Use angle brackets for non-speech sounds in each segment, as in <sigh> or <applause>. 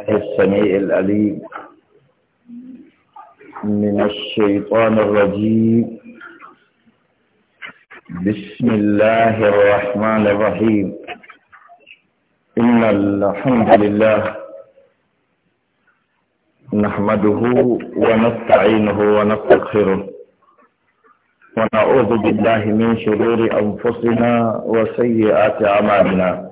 السميع الأليم من الشيطان الرجيم بسم الله الرحمن الرحيم إن الحمد لله نحمده ونستعينه ونستغفره ونعوذ بالله من شرور أنفسنا وسيئات أعمالنا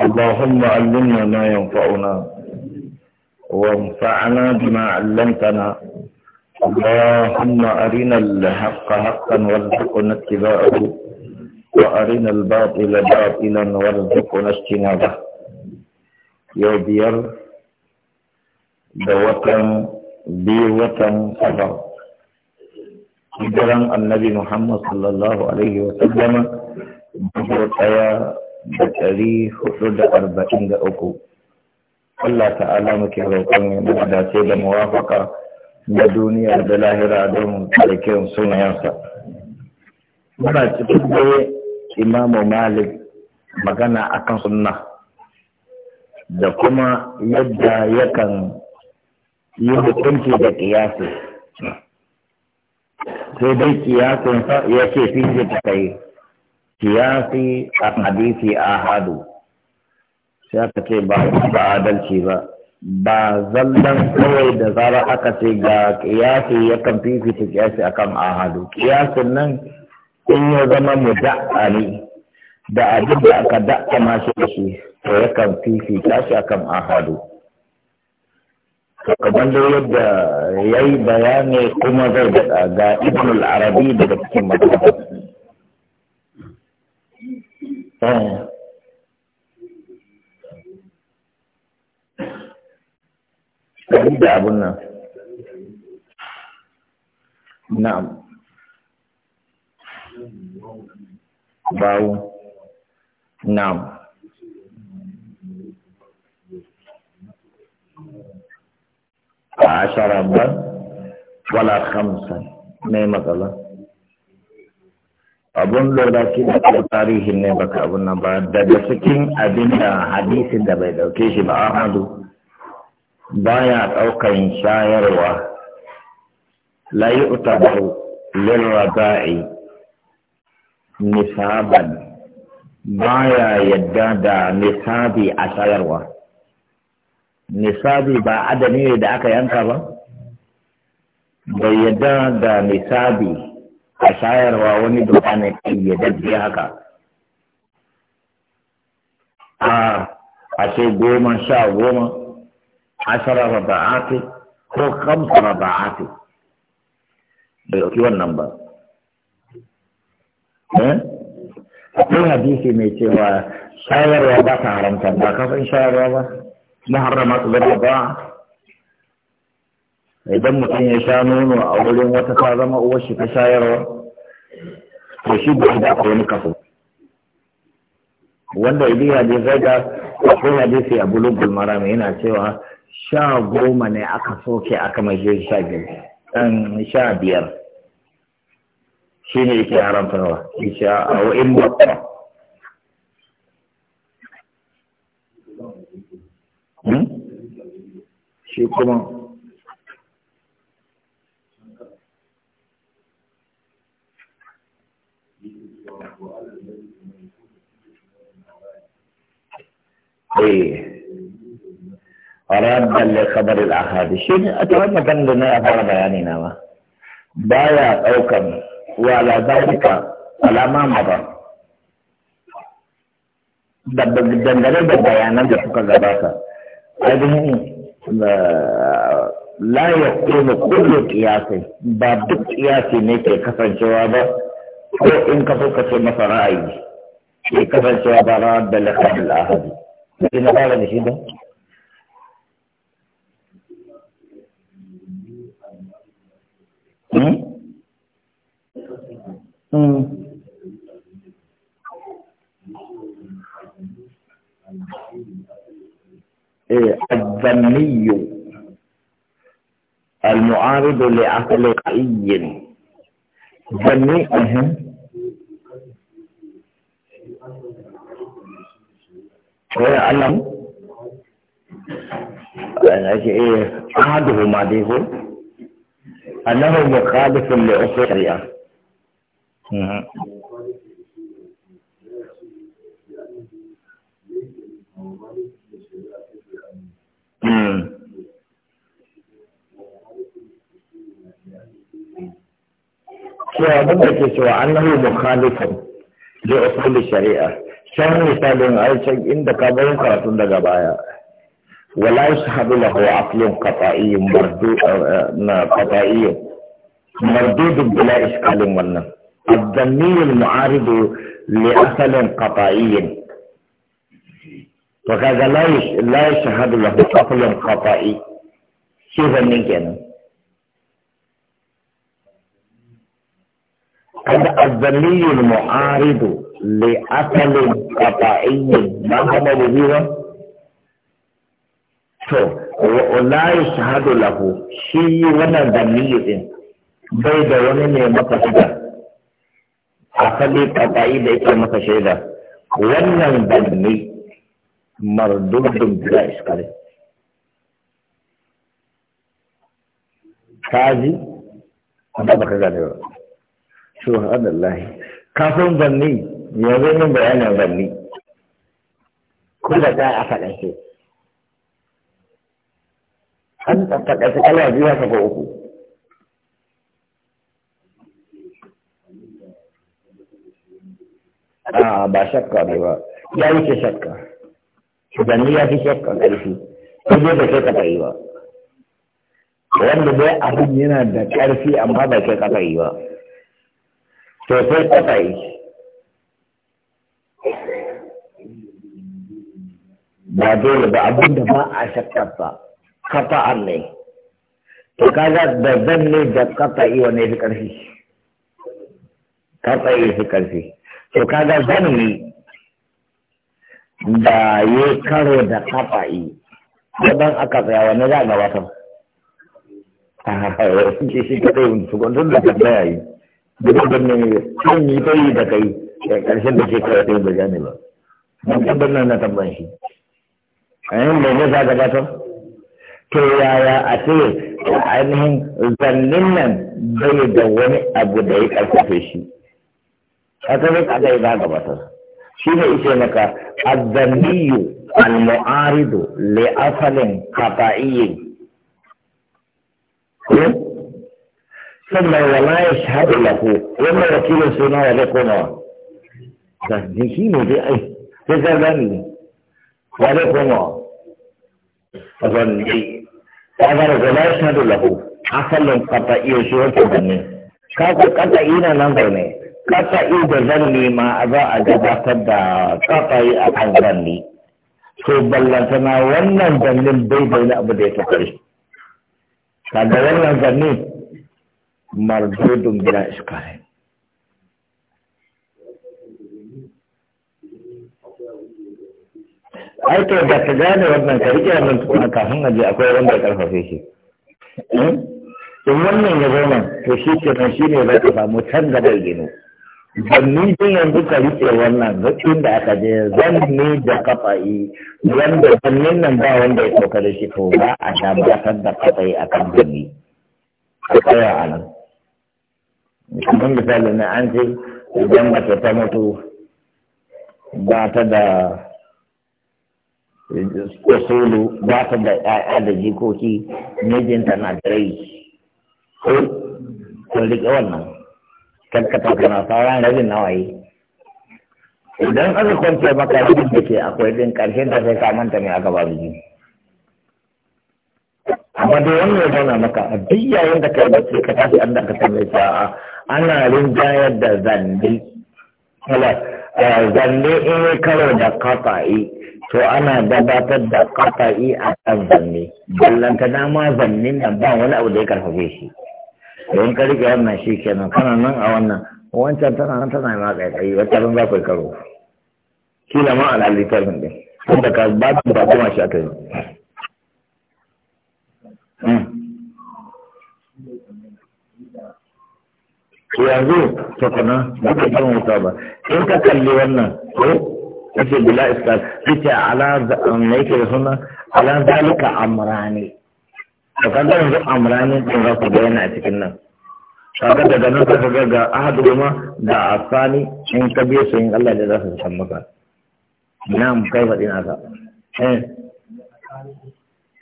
اللهم علمنا ما ينفعنا وانفعنا بما علمتنا اللهم أرنا الحق حقا وارزقنا اتباعه وأرنا الباطل باطلا وارزقنا اجتنابه يا ديار دوتن بيوتن صبر هجرا النبي محمد صلى الله عليه وسلم الحياه da ɗari hudu da arba'in da uku. Allah ta'ala muke roƙon ya mu dace da muwafaka da duniya da lahira don tsarkin sunayensa. Muna cikin dai Imamu Malik magana a kan sunna da kuma yadda yakan yi hukunci da kiyasi. Sai dai kiyasinsa ya ce fi ta kai. kiyasi a hadisi hadu sai aka ce ba adalci ba ba zallan kawai da zara aka ce ga kiyasi ya kan fifita kiyasi akan hadu, kiyasin nan in ya zama mu da'ani da abin da aka da'a mashi da shi to ya kan fifita shi akan ahadu kamar da yadda ya yi bayani kuma zai daɗa ga ibn al-arabi daga cikin matakan ɗari da abun nan na'am bawo na'am عشرة ولا خمسة ما مثلا abun lura ki da tarihin ne baka abun nan ba daga cikin abin da hadisin da bai dauke shi ba ahmadu baya daukan shayarwa la yu'tabu lil rada'i nisaban baya yadda da nisabi a shayarwa nisabi ba adami ne da aka yanka ba bai yadda da nisabi a shayarwa wani doka ne ƙayyadadde haka a ashe goma sha goma ashara raba'ati ko kamsa raba'ati bai ɗauki wannan ba akwai hadisi mai cewa shayarwa ba ta haramta ba kafin shayarwa ba muharrama su zama ba idan mutum ya sha nono a wurin wata ta zama uwar shi ta shayarwa to shi ba da akwai wani kaso wanda idan ya je zai ga akwai hadisi a bulmara mai yana cewa sha goma ne aka soke aka mai je sha biyar sha biyar shi ne yake haramtarwa isha a in ba hmm? shi kuma ورد إيه. لخبر الأحاديث شنو أتوقع كان لنا أفعل بياني نوا بايا أوكم وعلى ذلك على ما مضى دندري بيانا جفوك غباسا هذه لا يكون كل قياس باب قياس نيك كفن جواب او ان كفو كسي مصرائي كفن جواب رد لخبر الأحاديث da na fara da shi الذمي المعارض لعقل قعي ذمي أهم ويعلم أحدهما ديه أنه مخالف لأصول الشريعة أنه مخالف لأصول الشريعة can misalin aikin inda ka bar karatun daga baya wala yashhadu lahu aqlun qata'iyyun mardu eh, na qata'iyyun mardudun bila iskalin wannan الذمي المعارض لأصل قطعي وكذا لا لا يشهد له أصل قطعي شوف من Kada الذمي المعارض لأكل قطعي ما هم مبيرا تو ولا يشهد له شيء ولا دمير بيد ونمي مقصد أكل قطعي ليس مقصد ونن دمي مردود بلا إشكال تازي هذا بكذا شو هذا الله كافون دمي yanzu min bayanin zalli ko da za a faɗa shi an faɗa shi kala biyu haka ko uku a ah, ba shakka ne ba ya yi ke shakka shugabanni ya fi shakka ƙarfi ko dai ba kai kafa yi ba wanda dai abin yana da ƙarfi amma ba ke kafa yi ba to sai kafa yi ba dole ba abin ba a kafa an ne to kaga da zan ne da fi fi karfi to kaga zan ne da ya karo da aka tsaya wani za a gabatar shi shi kadai wani su da ta tsaya yi da gwantun ne sun yi ta yi da kai ƙarshen da ke kawai ta yi da gane ba. Mun tabbatar na shi. ainihin mai ne za gabatar to yaya a ce ainihin zannin nan bai da wani abu da ya karfafe shi a ta zai kaga za gabatar shi ne ishe maka azanniyu al-mu'aridu li asalin qata'iyyin sannan wala yashhadu lahu wannan wakilin suna wa zai komawa da shi ne dai ai sai ka gani wale kuma zanni kagar zala shi da lahu asalin kata iya shi wata zanni ka ku kata ina nan zaune kata iya da zanni ma a za a gabatar da kata yi a kan zanni to ballantana wannan zannin bai bai na abu da ya tafi kaga wannan zanni mardudun bila iskare ai to da ka gane wannan ka rike wannan tukuna kafin a je akwai wanda ya karfafe shi eh? in wannan ya zama to shi ke nan shi ne za ka samu can gaba gino ni din yanzu ka rike wannan zakin da aka je ne da kafa'i da zannin nan ba wanda ya sauka da shi to ba a tabbatar da kafa'i a kan bani a tsaya a nan kamar misali na an ce idan mace ta mutu ba ta da usulu ba ta da ƴaƴa da jikoki mijinta na da rai ko ko rike wannan karkata kana sauran rabin waye. idan aka kwance maka rabin da ke akwai din karshen ta sai ka manta mai aka ba biki amma dai wannan ya zauna maka a duk yayin da kai bace ka tashi an da ka same ta ana rinjayar da zanne zanne in yi karo da kafa'i to ana gabatar da kafa'i a kan zanne ballanta dama zannin nan ba wani abu da ya karfafe shi don karfe rike wannan shi kenan kana nan a wannan wancan tana nan tana ma kai wata ran za ku karo kila ma ala littafin din tunda ka ba ku ba kuma shi aka yi hmm. yanzu tukuna ba ka kan wuta ba in ka kalli wannan ko yake bila iska yace ala me yake da suna ala zalika amrani to kaga yanzu amrani din za ku ga yana cikin nan kaga daga nan ka ga ga ahadu kuma da asani in ka biye su in Allah da za su san maka na mu kai faɗi na ka eh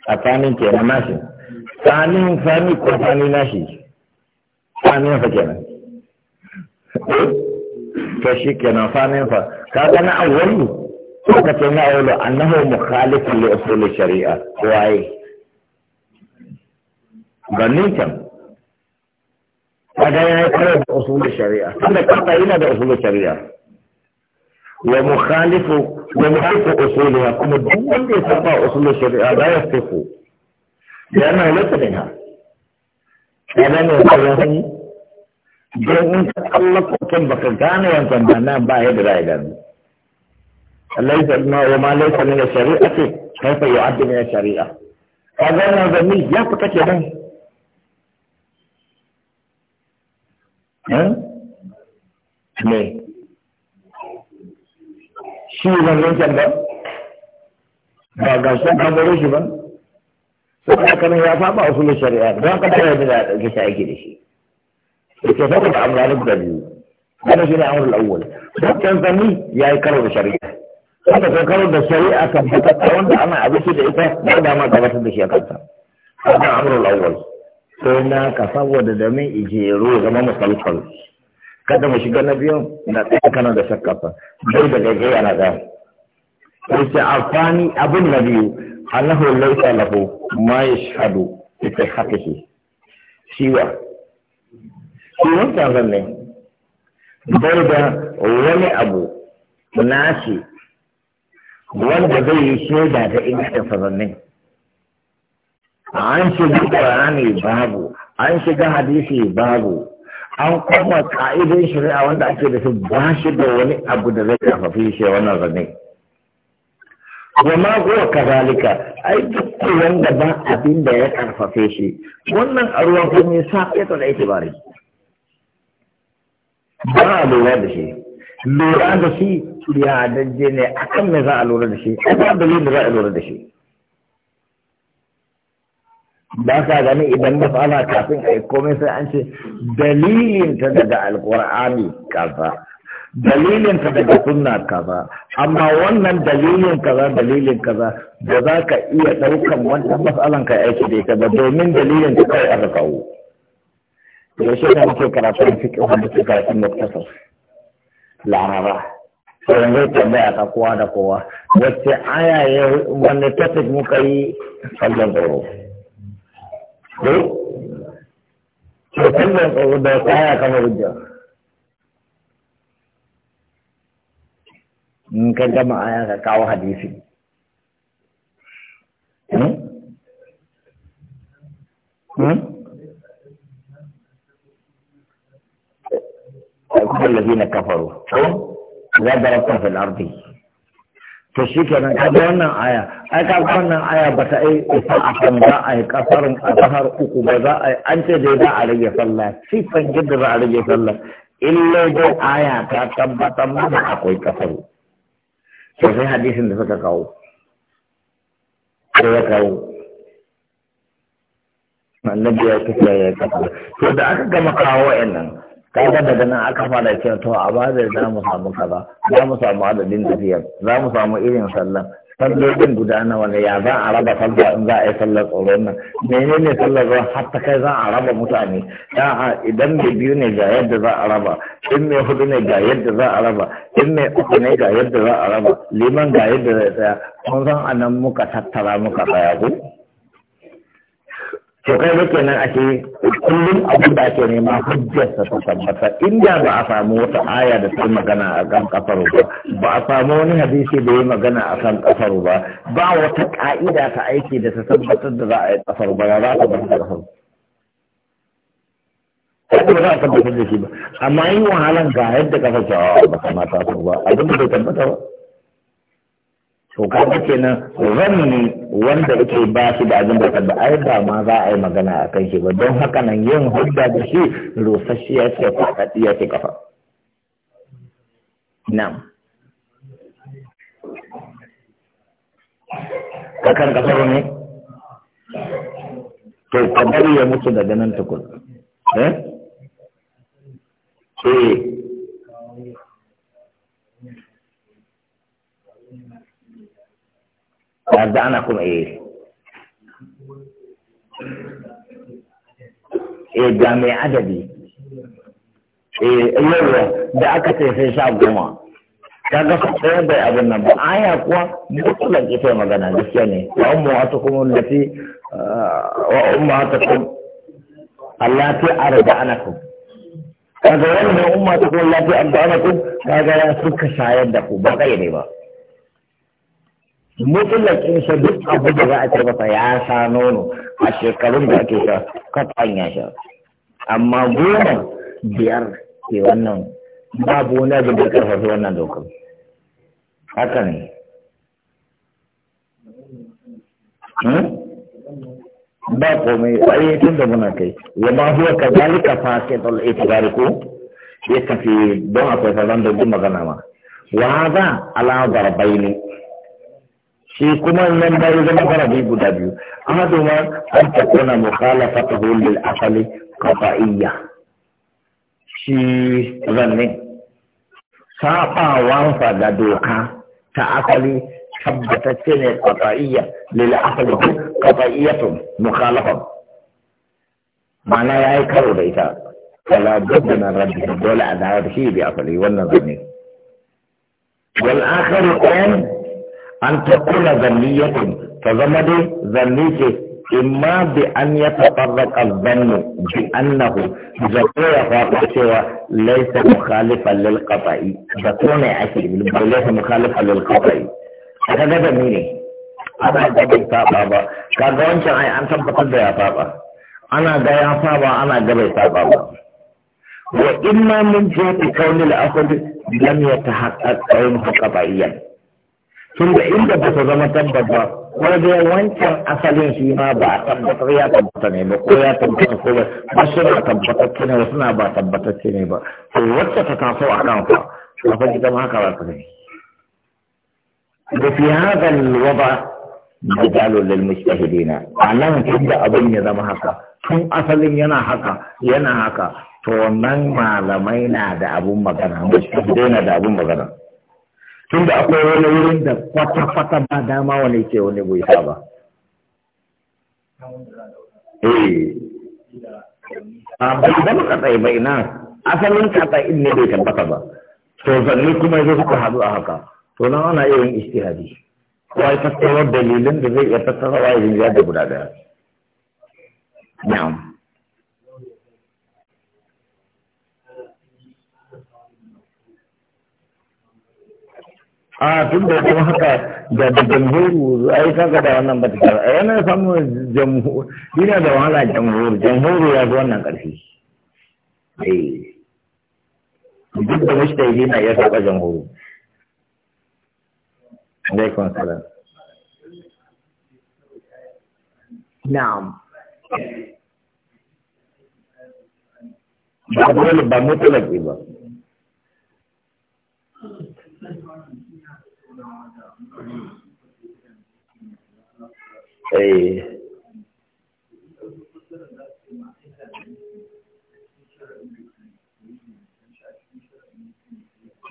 asanin ke na nashi Sani sani ko sani nashi sanin fa kenan <laughs> to shi kenan sanin fa kaga na awwalu ka ce na awwalu annahu mukhalifun li usul shari'a waye ganin can kaga ya kare da usul shari'a tunda kafa yana da usul shari'a wa mukhalifu wa mukhalifu usulha kuma duk wanda ya saba usul shari'a ba ya tafi yana lafiya kaga ne kawai don in ka tsallaka kan baka gane wancan ba nan ba ya da ra'ayi ليس ما وما ليس من الشريعة كيف يعد من الشريعة فظن ظني يا فكت يا بني ها مين شو من من جنب بعد عشان ما بروح شو من سوف أكمل يا فاطمة أصول الشريعة ما قد أنا هذا الجسائي كذي شيء اتفقت عمران بن أنا شنو الأول؟ فكان ظني يا يكرر الشريعة aka kankarar da shari'a kan fitar wanda ana abinci da ita ba da ma gabatar da shi a kanta haka amrul awwal sai na ka saboda da min ijero zama musalkal kada mu shiga na biyu na tsaye kana da shakka fa dai da gaje ana ga sai ce afani abin na biyu annahu laysa lahu ma yashhadu ita hakihi shiwa shi wannan zanne bai da wani abu nashi wanda zai yi shaida da inda sanannin an shiga ƙwarani babu an shiga hadisi babu an kuma ka'idin shari'a wanda ake da su ba shi da wani abu da zai kafafi shi wannan zane wa ma huwa kazalika ai duk wanda ba abin da ya karfafe shi wannan a ruwan kuma ya sa ya tsada itibari ba a lura da shi lura da shi ya daje ne kan me za a lura da shi a kan dalilin da za a lura da shi ba sa gani idan masala kafin a yi komai sai an ce dalilin ta daga alkur'ani kaza dalilin ta daga sunna kaza amma wannan dalilin kaza dalilin kaza da za ka iya ɗaukan wannan matsalan ka aiki da ita ba domin dalilin ta kai aka kawo. Yaushe ne muke karatun fiƙi wanda suka yi muktasar. laraba sai zai tambaya ta kowa da kowa wacce aya ya wanne tafik muka yi sallan tsoro ko ke sallan tsoro da kaya kamar hujja in ka gama aya ka kawo hadisi Hmm? hmm? كل الذين كفروا شون لا درجتهم في الأرض تشيك أنا يعني كبرنا آية أكبرنا آية بس أي إفعاكم ذا أي كفر أظهر أقوبة ذا أي أنت جدا علي صلى الله سيفا جدا علي صلى الله إلا جو آية كتبا تماما أقوي كفر سوفي حديث اندفع كاو كاو كاو النبي يكفر يكفر فإذا أكبر مقاوة إنه kaga daga nan aka fara cewa to a bazar za mu samu kaza za mu samu adadin tafiyar za mu samu irin sallan sallolin guda na wani ya za a raba sallah in za a yi sallar tsoron nan menene sallar ruwan har ta kai za a raba mutane a idan mai biyu ne ga yadda za a raba in mai hudu ne ga yadda za a raba in mai uku ne ga yadda za a raba liman ga yadda zai tsaya kun san a nan muka tattara muka tsaya ku. to kai da kenan ake kullum abin da ake nema sa ta tabbata inda ba a samu wata aya da ta magana a kan kafaru ba ba a samu wani hadisi da ya magana a kan kafaru ba ba wata ka'ida ta aiki da ta tabbatar da za a yi kafaru ba za ta bar kafaru ko ba za a tabbatar da shi ba amma yin wahalan ga yadda kafa cewa ba kamata ba abin da bai tabbata ba to ga kenan zanni wanda yake ba shi da abin da ka ba ai ba ma za a yi magana a kan shi ba don haka nan yin hudda da shi ya ce ya ce kafa na'am ka kan kasar ne to ka bari ya mutu daga nan tukun eh, eh yarda ana kuma eh eh ga mai adadi eh yawa da aka ce sai sha goma kaga sai bai abin nan ba ya kuwa mutulan ita magana gaskiya ne wa wata kuma allati uh, wa ummatukum allati kuma kaga wannan ummatukum allati arba'anakum kaga suka shayar da ku ba kai ne ba mutlakin sa duk abu da za a tarbata ya sa nono a shekarun da ake sa kafan ya sha amma goma biyar ke wannan babu wani abin da karfafa wannan dokar haka ne hmm? ba komai tsaye tun da muna kai ya ma huwa ita gari ko ya tafi don akwai zan da magana ma wa hadha bai ne. كمان من بعد ما برا دي بودا بيو هذا ما أن تكون مخالفة تقول للأصل قطعية شيء غني سابا وانفا دادوكا تأصلي ثبت سنة قطعية للأصل قطعية مخالفة ما لا يأكل ريتا فلا بد من رد الدولة على هذا الشيء بأصلي والنظر والآخر الآن an ta kula zanniyatin ta zama dai zanni ce imma bi an ya tafarraka zannu bi annahu zato ya faɗo cewa laisa mukhalifan lil qata'i zato ne ake ba laisa mukhalifan lil qata'i aka ga da ne ana ga bai saba ba kaga wancan ai an tabbatar da ya saba ana ga ya saba ana ga bai saba ba wa imma min jihati kaunil akhd lam yatahaqqaq qawluhu qata'iyan tun da inda ba ta zama tabbat ba wani da wancan asalin shi ma ba a tabbatar ya tabbata ne ba ko ya tabbata ko ba ba suna tabbatacce ne ba suna ba tabbatacce ne ba to wacce ta taso a kan fa a fa ita ma haka ba ta gani da fi hada alwaba majalul lil mujtahidina anan tunda abin ya zama haka tun asalin yana haka yana haka to nan malamai na da abun magana mujtahidai na da abun magana tunda akwai wani wurin da kwata-kwata ba dama wani ke wani bai ba. Eh, a bai zama katsayi ba ina asalin in ne bai tabbata ba. To zanni kuma zai suka haɗu a haka. To nan ana irin istihadi. Kowa ya tattarar dalilin da zai iya wa ya da guda ɗaya. Na'am. a tun da kuma haka da jamhuru ai kaga da wannan ba ta a yana samun jamhuru yana da wahala jamhuru jamhuru ya fi wannan ƙarfi eh duk da mushtahi na iya saba jamhuru alaikum salam na'am ba dole ba mutlaki ba eh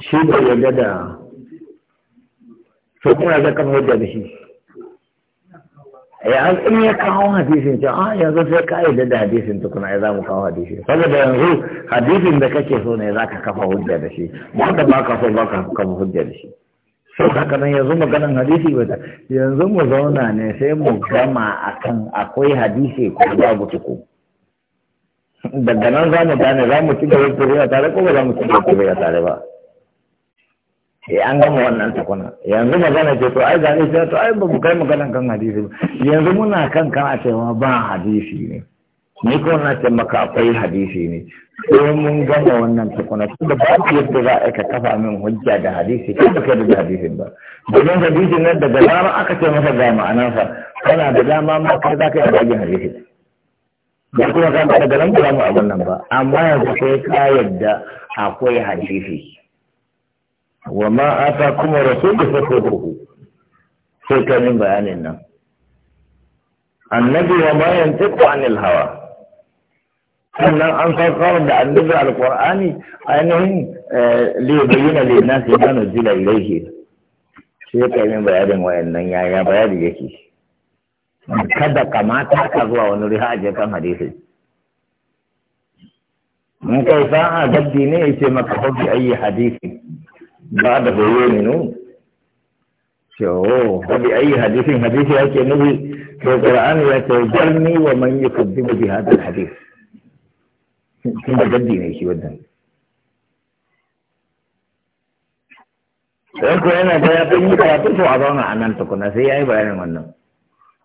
shi bai ya da so kuma ya kama hujja da shi ya eh, in ya kawo hadisin can a ah, yanzu sai ka yi da hadisin tukuna ya za mu kawo hadisin saboda yanzu hadisin da kake so ne za ka kafa hujja da shi wanda ba ka so ba ka kafa hujja da shi sau haka nan yanzu maganin hadisi ba yanzu mu zauna ne sai mu gama akan akwai hadisi ko babu tuku daga nan za mu gane za mu ci gaba kuriya tare ko ba za mu ci gaba kuriya tare ba e an gama wannan tukuna yanzu magana ce to ai gane ce to ai ba mu kai maganan kan hadisi ba yanzu muna kan kan a cewa ba hadisi ne ni ko na ce maka akwai hadisi ne sai mun gama wannan tukuna tunda ba ku yadda za a ka kafa min hujja da hadisi ko ba da hadisin ba domin hadisin nan daga zama aka ce masa ga ma'anarsa kana da dama ma kai za ka yi bagin hadisin ba kuma ka daga nan ba mu abin nan ba amma yanzu sai ka yadda akwai hadisi wa ma ata kuma rasulu fa tuhu sai ka min bayanin nan annabi wa ma yantiqu anil hawa sannan an saukar da annabi alqur'ani ainihin libayyana linnasi ma nuzila ilayhi sai ka yi bayanin wayannan yaya bayani yake kada kamata ka zuwa wani rihaje kan hadisi in kai sa'a dabbi ne ya ce maka hobi ayi hadisi ba da bayo ne no cewa hobi ayi hadisin hadisi yake nufi to qur'ani ya ce jalni wa man yukadibu bi hadal hadisi tun da gaddi ne shi wannan don ko yana da ya fi yi karatu to a zauna a nan tukuna sai ya yi bayanin wannan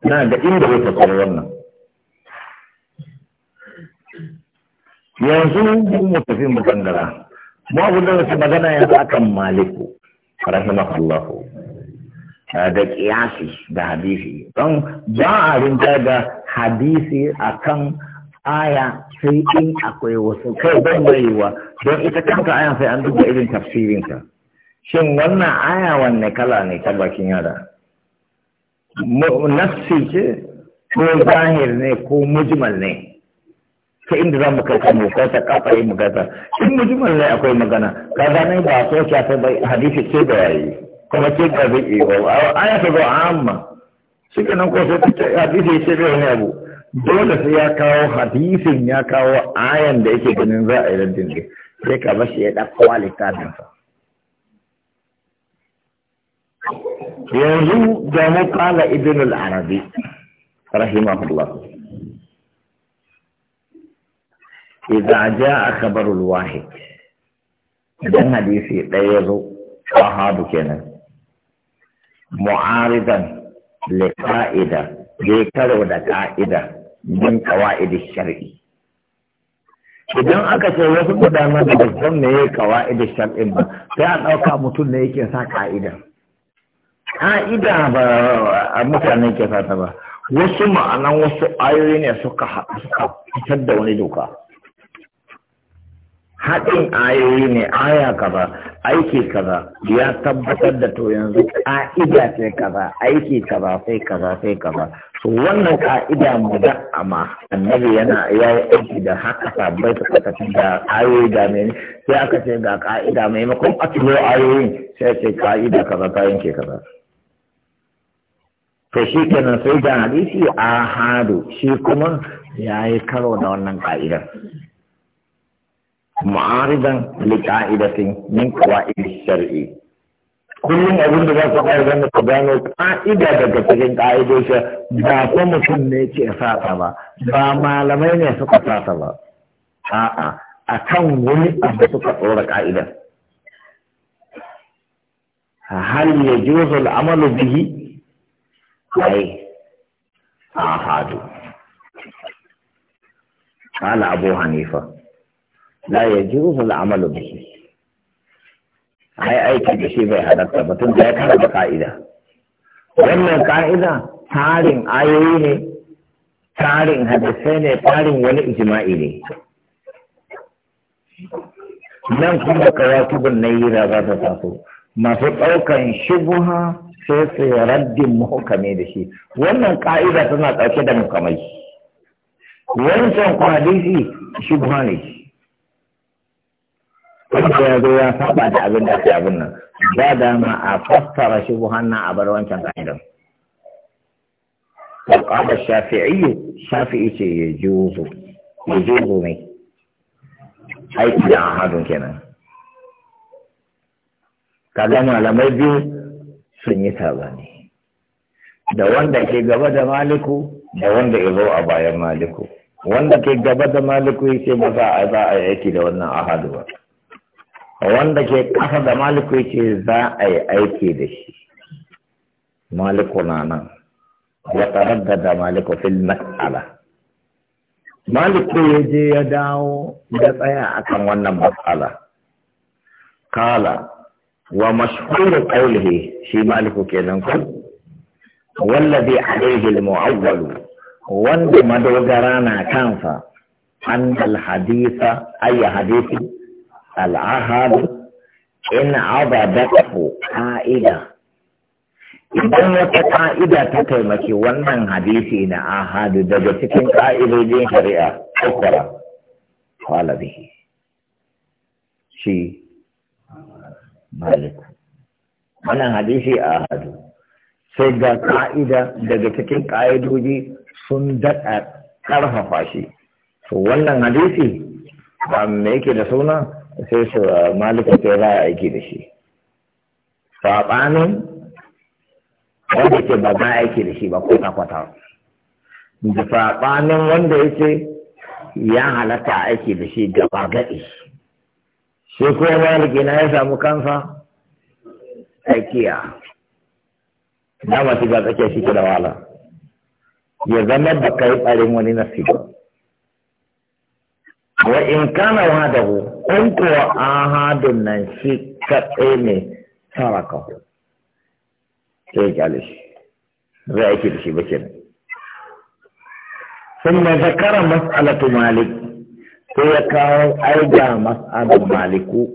na da inda zai tattara wannan yanzu mu tafi mu gangara mu da wasu magana yanzu akan maliku rahimahullahu da kiyasi da hadisi don ba a rinta da hadisi akan aya sai in akwai wasu kai ban baiwa don ita kanta aya sai an duba irin tafsirinta shin wannan aya wanne kala ne ta bakin yara nafsi ce ko zahir ne ko mujmal ne ta inda za mu kai mu kai ta kafa yi mu gata in mujmal ne akwai magana ka gane ba so ki ta bai hadisi ce da yayi kuma ce ga zai yi ba aya ta zo amma shi kenan ko sai ta hadisi ce da yayi abu dole sai ya kawo hadisin ya kawo ayan da yake ganin za a yi raddin ne sai ka bashi ya ɗauko littafinsa yanzu da mu kala ibn al-arabi rahimahullah idan ja a al-wahid idan hadisi ɗaya ya zo sahabu kenan mu'aridan li qa'ida zai karo da ka'ida bin kawa'idin shar'i idan aka ce wasu gudanar da babban ne ya kawa'idin shar'in ba sai a ɗauka mutum ne yake sa ƙa'ida. ka'ida ba a mutane ke ta ba wasu ma'anan wasu ayoyi ne suka fitar da wani doka haɗin ayoyi ne aya kaza aiki kaza ya tabbatar da to yanzu ka'ida sai kaza aiki kaza sai kaza sai kaza wannan ka'ida mu amma annabi yana ya yi aiki da haka sabbai ta da ayoyi da mai sai aka ce ga ka'ida maimakon a tulo ayoyin sai ce ka'ida kaza ta yanke kaza to shi kenan sai da hadisi a hadu shi kuma ya yi karo da wannan ka'idar ma'aridan li ka'idatin min qawa'id shar'i kullum abin da za su bayar zama ku gano ka'ida daga cikin ka'idoshin ba ko mutum ne ke sata ba ba malamai ne suka sata ba a'a a kan wani abu suka tsora ka'idar hal ya juzu al'amalu bihi ai ahadu قال أبو حنيفة لا يجوز العمل به ai aiki da shi bai halatta tun da ya karanta ka'ida wannan ka'ida tarin ayoyi ne tarin hadisai ne tarin wani ijma'i ne nan kuma kawatubun na yi raba ta taso masu ɗaukan shubuha sai su raddin muhukame da shi wannan ka'ida tana ɗauke da mukamai wancan kwadisi shubuha ne wanda ya zo ya saba da abin da ke abin nan ba dama a fassara shi buhanna a bar wancan ka'idan وقال ya شافعي يجوز Ai مي أي إذا أحد كنا kaga malamai biyu sun yi ne da wanda ke gaba da maliku da wanda ya zo a bayan maliku wanda ke gaba da maliku ya ce ba za a yi aiki da wannan ahadu ba wanda ke kasa da maliku ce za a yi aiki da shi maliku na nan ya tarar da maliku fil mas'ala maliku ya je ya dawo ya tsaya akan wannan mas'ala kala wa mashhuru qawlihi shi maliku kenan ku wallazi alayhi al wanda madogara na kansa an al hadisa ay hadisi al'ahadu in abadatahu ka'ida idan wata ka'ida ta taimaki wannan hadisi na ahadu daga cikin ka'idojin shari'a ukura qala bihi shi malik wannan hadisi ahadu sai ga ka'ida daga cikin ka'idoji sun daɗa ƙarfafa shi to wannan hadisi ba me yake da suna sai su uh, malika ke za a aiki da shi saɓanin wanda ke ba za a aiki da shi ba kwata-kwata da saɓanin wanda ya ce ya halatta aiki da shi gaba gaɗi shi ko maliki na ya samu kansa tsakiya na shi ga tsakiya shi ke da wala ya zama da kai ɓarin wani nasi ba wa in kana wa da wahdahu in kuwa ahadun nan shi ka tsaye ne tsara ka saraka sai gale shi zai aiki da shi ba sun ثم zakara mas'alatu malik sai ya kawo aida mas'alatu maliku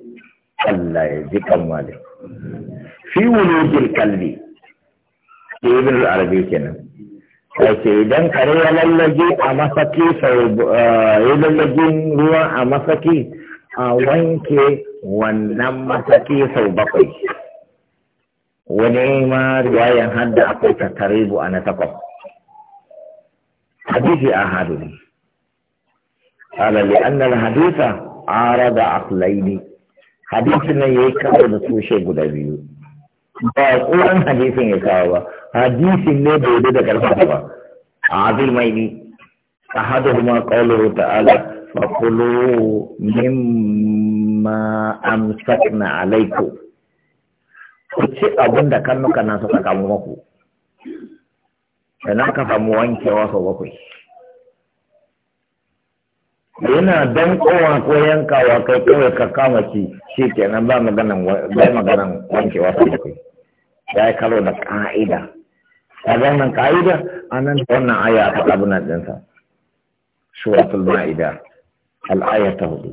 Allah ya ji kan malik fi wulujil kalbi ibn al-arabi kenan yake idan kare ya lallage a masaki eh, ya lallage ruwa a masaki a wanke wannan masaki sau bakwai wani ma riwayan hadda akwai bu a na takwas hadisi a hadu ne ala li annal hadisa kulaini hadisi na ya yi kawo da tushe guda biyu ba tsoron hadisin ya kawo ba hadisin ne bai yadda da karfafa ba azimai ne ahaduhuma qawluhu ala, fakulu mimma amsakna alaiko ku ci abin da karnuka na suka kamu maku sannan ka samu wankewa sau bakwai yana don kowa ko yankawa kai kawai ka kama ci shi kenan ba maganan wankewa sau bakwai ya yi karo da ka'ida a wannan ka'ida a nan da wannan aya a faɗa abin ɗinsa suratul ma'ida al'ayar ta hudu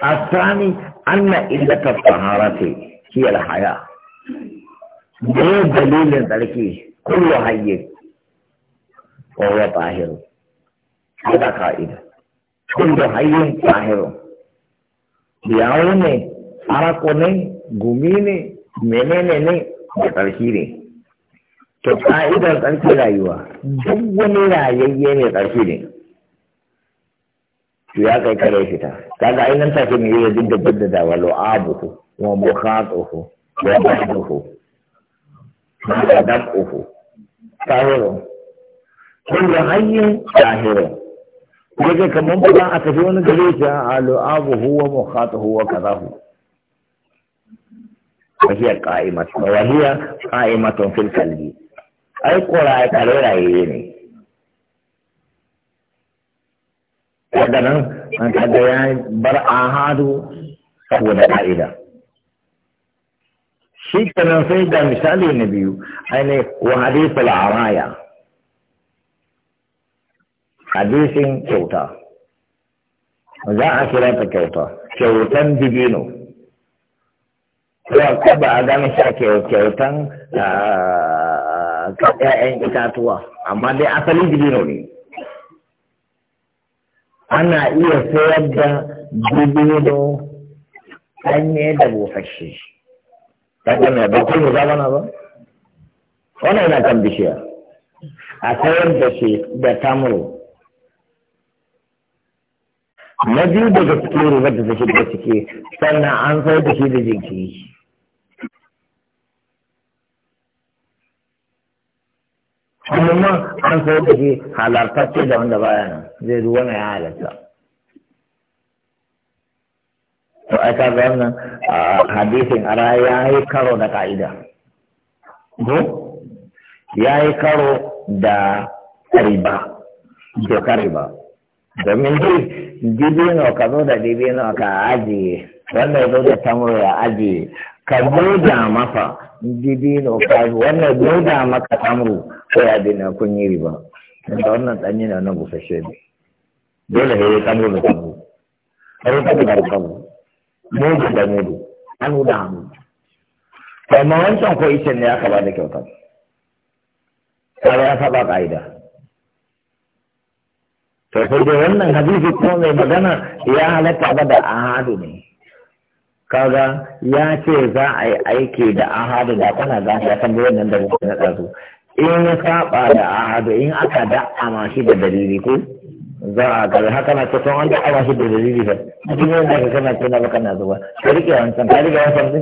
a sani ta sahara ce ki alhaya ne dalilin tsarki kullu hayye wa huwa tahiru hada ka'ida kullu hayye tahiru yawo ne arako ne gumi ne menene ne da tsarki ne to ka'idar tsarki rayuwa duk wani rayayye ne tsarki ne to ya kai kare fita kaga ai nan take ne ya dinga jaddada wa lu'abuhu wa mukhatuhu wa ba'duhu ma qadamuhu tahirun kullu hayyin tahiru yake kaman ba a tafi wani gare shi a lu'abuhu wa mukhatuhu wa kazahu وهي قائمة وهي قائمة في القلب ai kora kare raye ne daga nan an da ya bar a hadu saboda ka'ida shi kenan sai da misali na biyu aine wa hadisul araya hadisin kyauta za a kira ta kyauta kyautan dibino ko ba a gane sha kyautan ah, ƴaƴan itatuwa amma dai asali dibino ne ana iya sayar da dibino ɗanye da busasshe ta gane ba ku mu zamana ba wannan yana kan bishiya a sayar da shi da tamuru na biyu daga cikin rubar da ta shiga ciki sannan an sayar da shi da jinkiri amma an sayar da shi halartacce da wanda baya nan zai zuwa na ya halarta to ai ka ga wannan hadisin a ya yi karo da ka'ida ko ya yi karo da riba doka riba domin dai dibino ka zo da dibino ka ajiye wanda ya zo da tamuro ya ajiye ka goda masa na ofari wannan goda maka tamru ko ya dina kun yi riba da wannan danyi na na shi ne dole ne ya tamru da tamru har ta da kamu mu da mu an da hannu amma wancan ko ita ne aka ba da kyautar kare ya saba ka'ida to sai dai wannan hadisi ko mai magana ya halatta ba da ahadu ne kaga ya ce za a yi aiki da ahadu da kana za ya san wannan da muke na ɗazu in ya saba da ahadu in aka da'ama shi da dalili ko za a gari haka na ce an da'ama shi da dalili ba cikin yadda ka kana ce na baka na zuba ka rike wancan ka rike wancan ne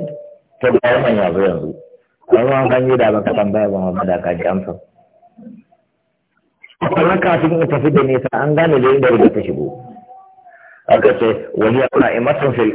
to da wannan ya zo yanzu amma an yi da baka tambaya ba ma da ka ji amsa kuma kafin in tafi da nesa an gane da inda riga ta shigo aka ce wani ya kuna imatun fil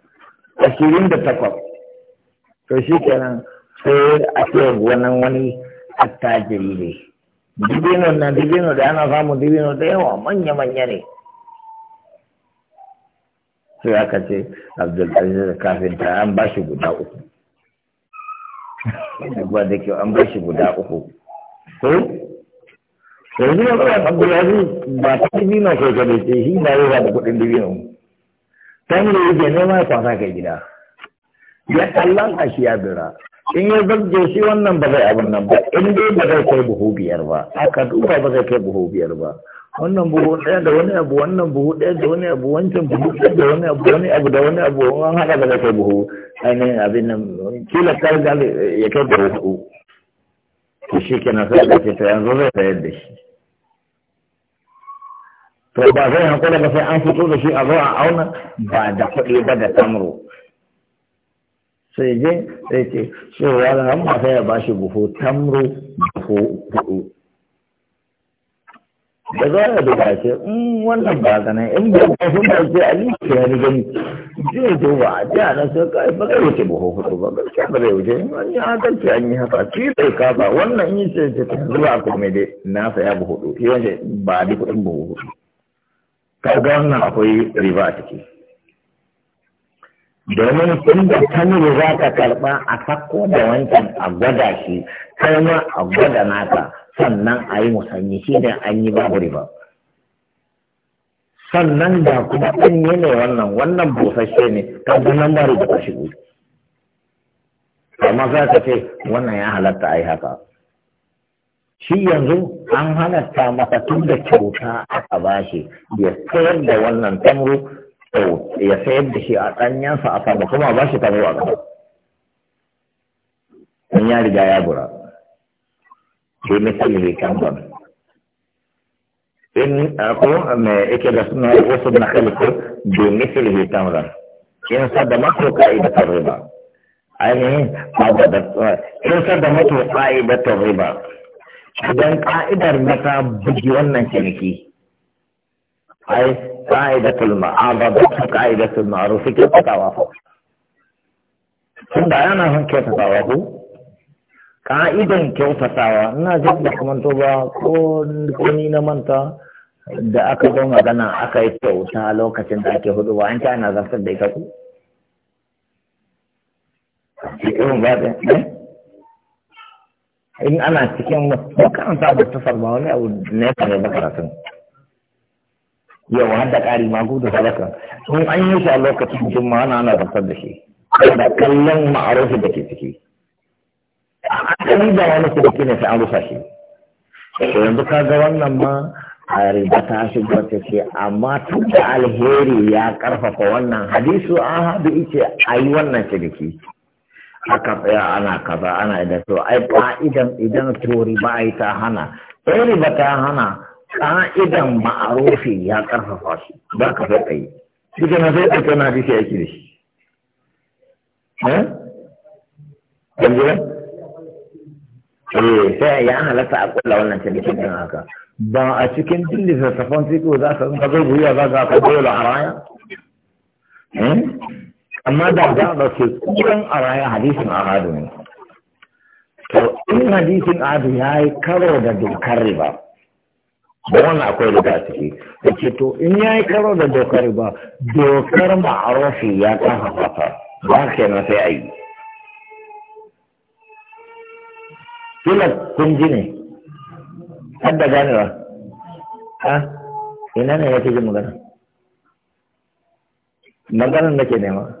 ashirin da takwas to shi kenan sai a ce wannan wani attajiri ne dibino na dibino da ana samun dibino da yawa manya-manya ne sai aka ce abdulaziz kafinta an ba shi guda uku ba da kyau an ba shi guda uku ko yanzu na tsoron abdulaziz ba ta dibino ko ka ce shi ba yau da kudin dibino ta ne yake nema ya kwasa kai gida ya kallon a shi ya bira in ya zarge shi wannan ba zai abin nan ba in dai ba zai kai buhu biyar ba aka duba ba zai kai buhu biyar ba wannan buhu ɗaya da wani abu wannan buhu ɗaya da wani abu wancan buhu ɗaya da wani abu wani abu da wani abu wani haka ba zai kai buhu ainihin abin nan kila kar ya kai buhu hudu shi kenan sai da ke ta yanzu zai sayar da shi to ba zai hankula ba sai an fito da shi a zuwa a auna ba da kuɗi ba da tamro sai je sai ce so wala ran ba sai ya bashi buhu tamro buhu hudu da za a duba ce in mm, wannan ba nan in ba ba sun ba ce a liki ya gani zai zo ba a a nan sai ka ba zai wuce buhu hudu ba ce ba zai wuce an yi adalci an yi haka ci ka ba wannan in yi ce ce zuwa kome dai na saya buhu hudu yawan ba a bi kuɗin buhu hudu kaga wannan akwai riba a ciki domin inda nuna za ka karɓa a sako da wancan a gwada shi kai ma a gwada naka sannan a yi musanni shi ne an yi babu riba sannan da kuma yi ne wannan wannan busasshe ne ta nan ba riba ta shigo amma za ka ce wannan ya halatta a yi haka shi yanzu an halatta masa tun da kyauta aka bashi ya sayar da wannan tamru ya sayar da shi a ɗanyensa a sama kuma ba shi tamro a gaba in ya riga ya bura sai misali kan ban in ko me yake da suna wasu na kaliko bi misali tamran in sa da mako ka'idatar riba ainihin ba da in sa da mako ka'idatar riba idan ka'idar na ta bugi wannan ciniki ai ba ba ta a ma'ruf ke fatawa ko, tun da yana son kyautatawa ko ka'idan kyautatawa ina jin da kuma to ba ko ni na manta da aka zo magana aka yi kyauta lokacin da ake hudu ba an ta ana zartar da ita ku. Irin ba da in ana cikin makaranta da tasar ba wani abu ne ka ne karatun yau hada ƙari ma gudu sadaka sun an yi shi a lokacin juma'a ana ana zartar da shi da kallon ma'arufi da ke ciki a asali da wani su da kina sai an rusa shi yanzu ka ga wannan ma a riga ta shigo ta ce amma tun da alheri ya karfafa wannan hadisu an haɗu ice a yi wannan ciniki aka tsaya ana kaza ana da so ai fa'idan idan to riba ai ta hana sai riba ta hana a ma'arufi ya karfafa shi ba ka sai kai shi na sai ka na da shi yake da shi eh eh ya a kula wannan cikin din haka ba a cikin din lissafin sai ko za ka ga zai buya za ka ka dole a raya eh amma da za a ɗauke kuran a raya hadisin ahadu ne to in hadisin ahadu ya yi karo da dokar riba da wannan akwai riba a ciki da ce to in ya yi karo da dokar riba dokar ma'arofi ya kafa fata ba kenan sai a yi kila kun ji ne har da ganewa ha ina ne ya fi ji magana maganar ke nema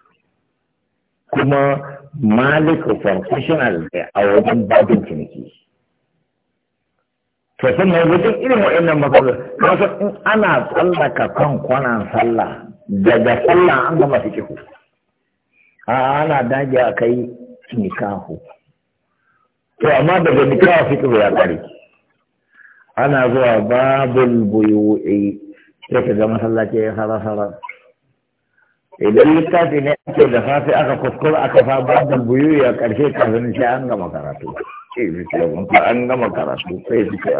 kuma of professional a wajen babin ciniki to mai wajen irin wa'annan matsalar wasu in ana tsallaka kan kwanan sallah daga sallah an gama fikihu a ana daji a kai nikahu to amma daga nikahu fikihu ya kare ana zuwa babul buyu'i sai ka ga masallaci ya sara-sara idan littafi ne ake da safe aka kuskura aka fa da buyu ya karshe kafin sai an gama karatu ce su ce an gama karatu sai su ce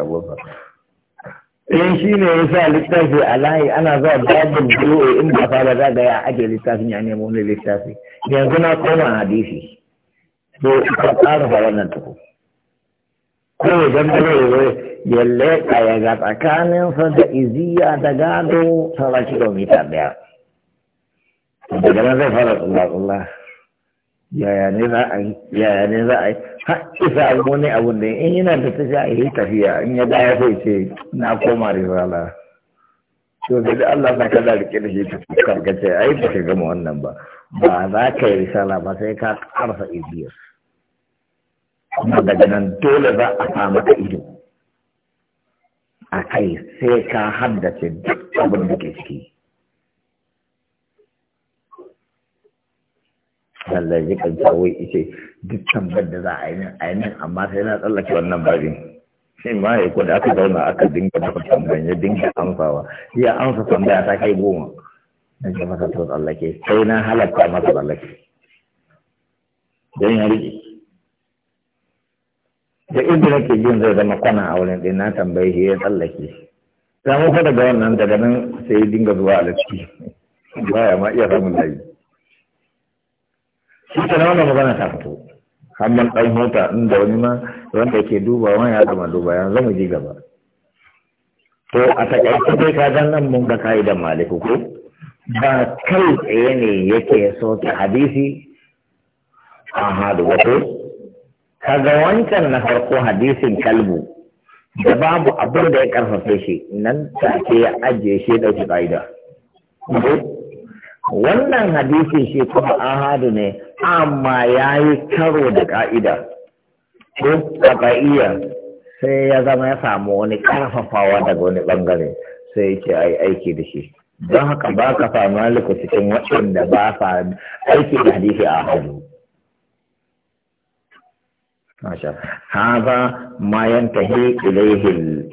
in eh, shi ne ya sa littafi a layi ana zuwa babban buyu eh, in ba fa ba za ga ya ake littafin ya nemo wani littafi yanzu na koma hadisi to ka tsara fa wannan tuku ko idan ba zai eh, ya leƙa ya ga tsakaninsa da iziya da gado sarrafi kilomita ɗaya daga nan zai fara tsallatsallah yaya ne za a yi yaya ne a wani abun da in yana da tafi a yi tafiya in ya daya sai ce na koma risala to sai da Allah na kada rike da shi karkace ai ba ka gama wannan ba ba za ka yi risala ba sai ka karsa ibiyar kuma daga nan dole za a sa maka ido a kai sai ka haddace duk abin da ke ciki Allah ya kan kawai ice duk tambar da za a yi nan a yi nan amma sai na tsallake wannan bari sai ma ya da aka zauna aka dinga masa tambayan ya dinga amsawa ya amsa tambaya ta kai goma na ce masa to tsallake sai na halatta masa tsallake don ya rike da inda nake jin zai zama kwana a wurin ɗin na tambaye shi ya tsallake ta ka daga wannan daga nan sai dinga zuwa a lafi ba ya ma iya samun lafiya shi ta wannan magana ta fito hannun ɗan mota da wani ma wanda ke duba wani ya da duba yanzu mu ji gaba to a taƙaice dai ka ga nan mun ga ka'idan maliku ko ba kai tsaye ne yake ta hadisi a hadu wato kaga wancan na farko hadisin kalbu da babu abin da ya ƙarfafe shi nan take ya ajiye shi ya ɗauki ƙa'ida. wannan hadisi shi kuma ahadu ne amma ya yi karo da ka'ida ko ka'iyya sai ya zama ya samu wani karfafawa daga wani bangare sai yake ai aiki da shi don haka ba ka samu cikin waɗanda ba sa aiki da hadisi a hadu ما شاء الله هذا ما ينتهي إليه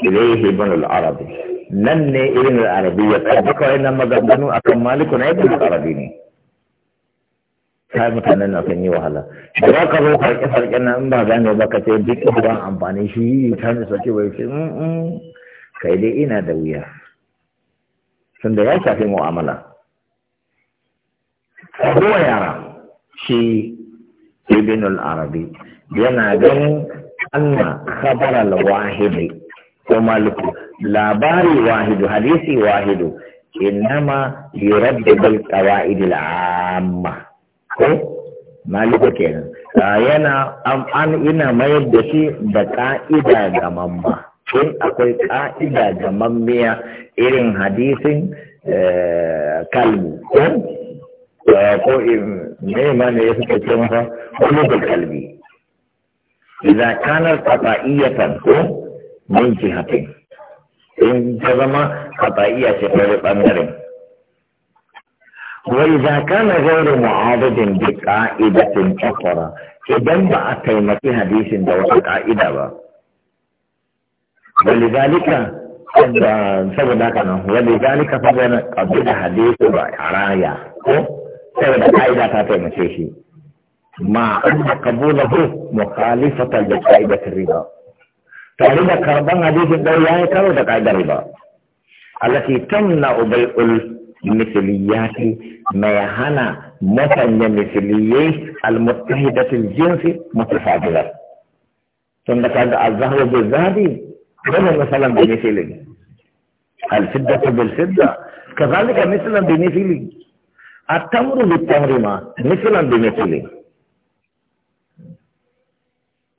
إليه ابن العربي نن ابن العربي يتحدث وإن ما قدنوا أكم مالك ابن العربي هذا مثلا نفني وهلا شراك الله خلق خلق أن أم بعد أن يبقى تبقى أم أم باني شيء تاني سوتي ويفي أم أم كيدي إنا دويا سندي أي شافي مؤاملة هو يرى شي ابن العربي yana ganin anna khabaral wahidi ko labari wahidu hadisi wahidu innama yuraddu bil qawaid al amma ko maliku kenan yana an ina mayar da shi da ka'ida ga mamma in akwai ka'ida ga mammiya irin hadisin eh, kalbu ko eh, ko in eh, ne ma ne ya cewa wani da kalbi إذا كانت قطعية من جهة إن جزم قطعية غير بندر وإذا كان غير معارض بقاعدة أخرى إذن بعد أتيمك حديث دوت قاعدة ولذلك saboda haka nan wanda zalika fa bayan qabila hadithu ba araya ko saboda kaida ta taimake shi مع أن قبوله مخالفة لقاعدة الربا فهذا كربان هذه الدولة يعني كانوا قاعدة الربا التي تمنع بيع المثليات ما يهنى مثل مثليي المتحدة الجنس متفاضلة ثم قد الزهر بالذهب ولا مثلا بمثله الفدة بالفدة كذلك مثلا بمثله التمر بالتمر ما مثلا بمثله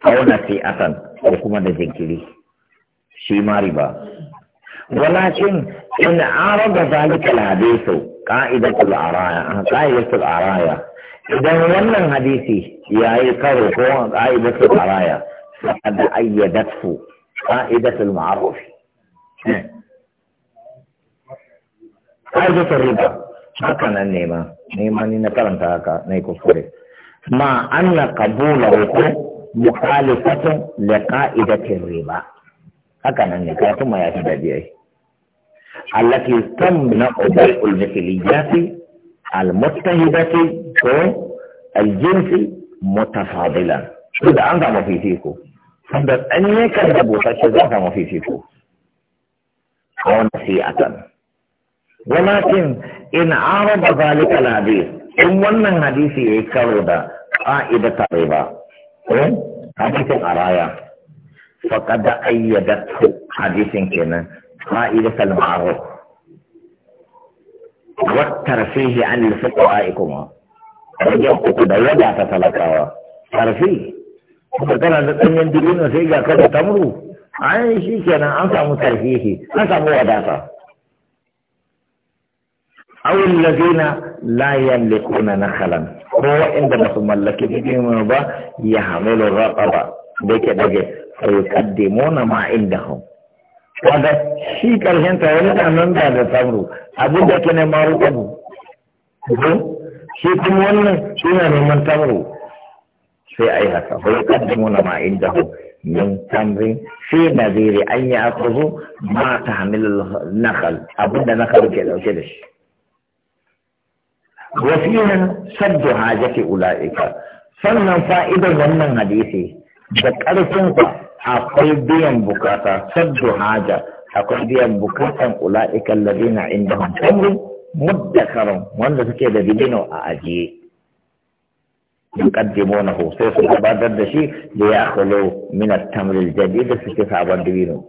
auna fi asan ko kuma da jinkiri shi ma riba walakin in arada zalika alhadithu qa'idatul araya qa'idatul araya idan wannan hadisi yayi karo ko qa'idatul araya faqad ayyadatu qa'idatul ma'ruf qa'idatul riba haka nan ne ma ne ma ni na karanta haka na yi kuskure ma anna qabulahu mukhalifatun liqa'idatir riba haka nan ne kai kuma ya fi dadi ai allati tamna ubai'ul mithliyati mutahidati ko jinsi mutafadilan to da an ga mafifiko sanda tsanye kan da busashe za ka ko Wannan wani siyatan walakin in araba zalika al-hadith in wannan hadisi yake karo da qa'idata riba kwayan eh? hadisin a raya faƙada ayyada su hadisin kenan ma ila salmaru wattar fihi an a wa ikuma rage kuku da yada ta talakawa tarfi kuma tana da ɗanyen dubinu sai ga kada tamuru an shi kenan an samu tarfi an samu wadata أو الذين لا يملكون نخلا هو عندما تملك بهم ربا يحمل الرقبة بك ديك فيقدمون ما عندهم هذا شيء كرهن تقولين أنهم بعد تمر أبو ده كنا معروفه شيء كمان شيء أنهم من تمر في أي فيقدمون ما عندهم من تمر في نذير أن يأخذوا ما تحمل النخل أبو ده نخل كده وكده wasihin saddu hajati ula'ika sannan fa'idan wannan hadisi da ƙarfin akwai biyan buƙata saddu haja akwai biyan bukatan ula'ika ladina indahum tamru muddakarun wanda suke da bidino a ajiye yuqaddimunahu sai su gabatar da shi da ya khulu min at-tamr suke sabon dibino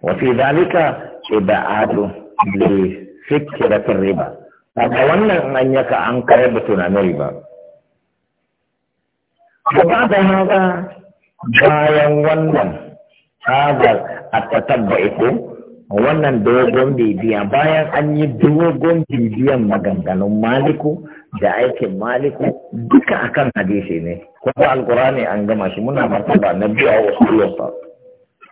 wa fi dhalika ibadatu li fikiratin riba daga wannan an yaka an kare da tunanin riba ba da haka bayan wannan hagar a tatabba ko wannan dogon bibiya bayan an yi dogon bibiyan maganganun maliku da aikin maliku duka akan hadisi ne kuma alkurani an gama shi muna martaba na a wasu yau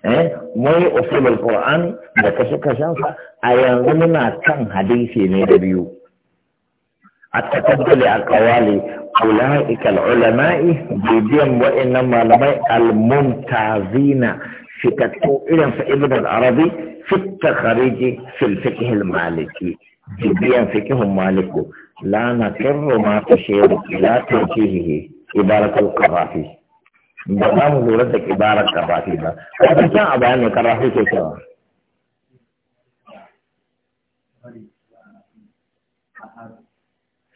eh mai al qur'an da kashe kashen sa a yanzu muna kan hadisi ne da biyu a tafaddul aqwali ulaika al-ulama'i bi bayan wa malamai al-muntazina fi katu ilan fa ibn al-arabi fi at-takhrij fi al maliki bi bayan fiqh maliku la nakru ma tashiru ila tawjihi ba za mu lura da kibarar ka ba ba a can a bayan mai kara ke cewa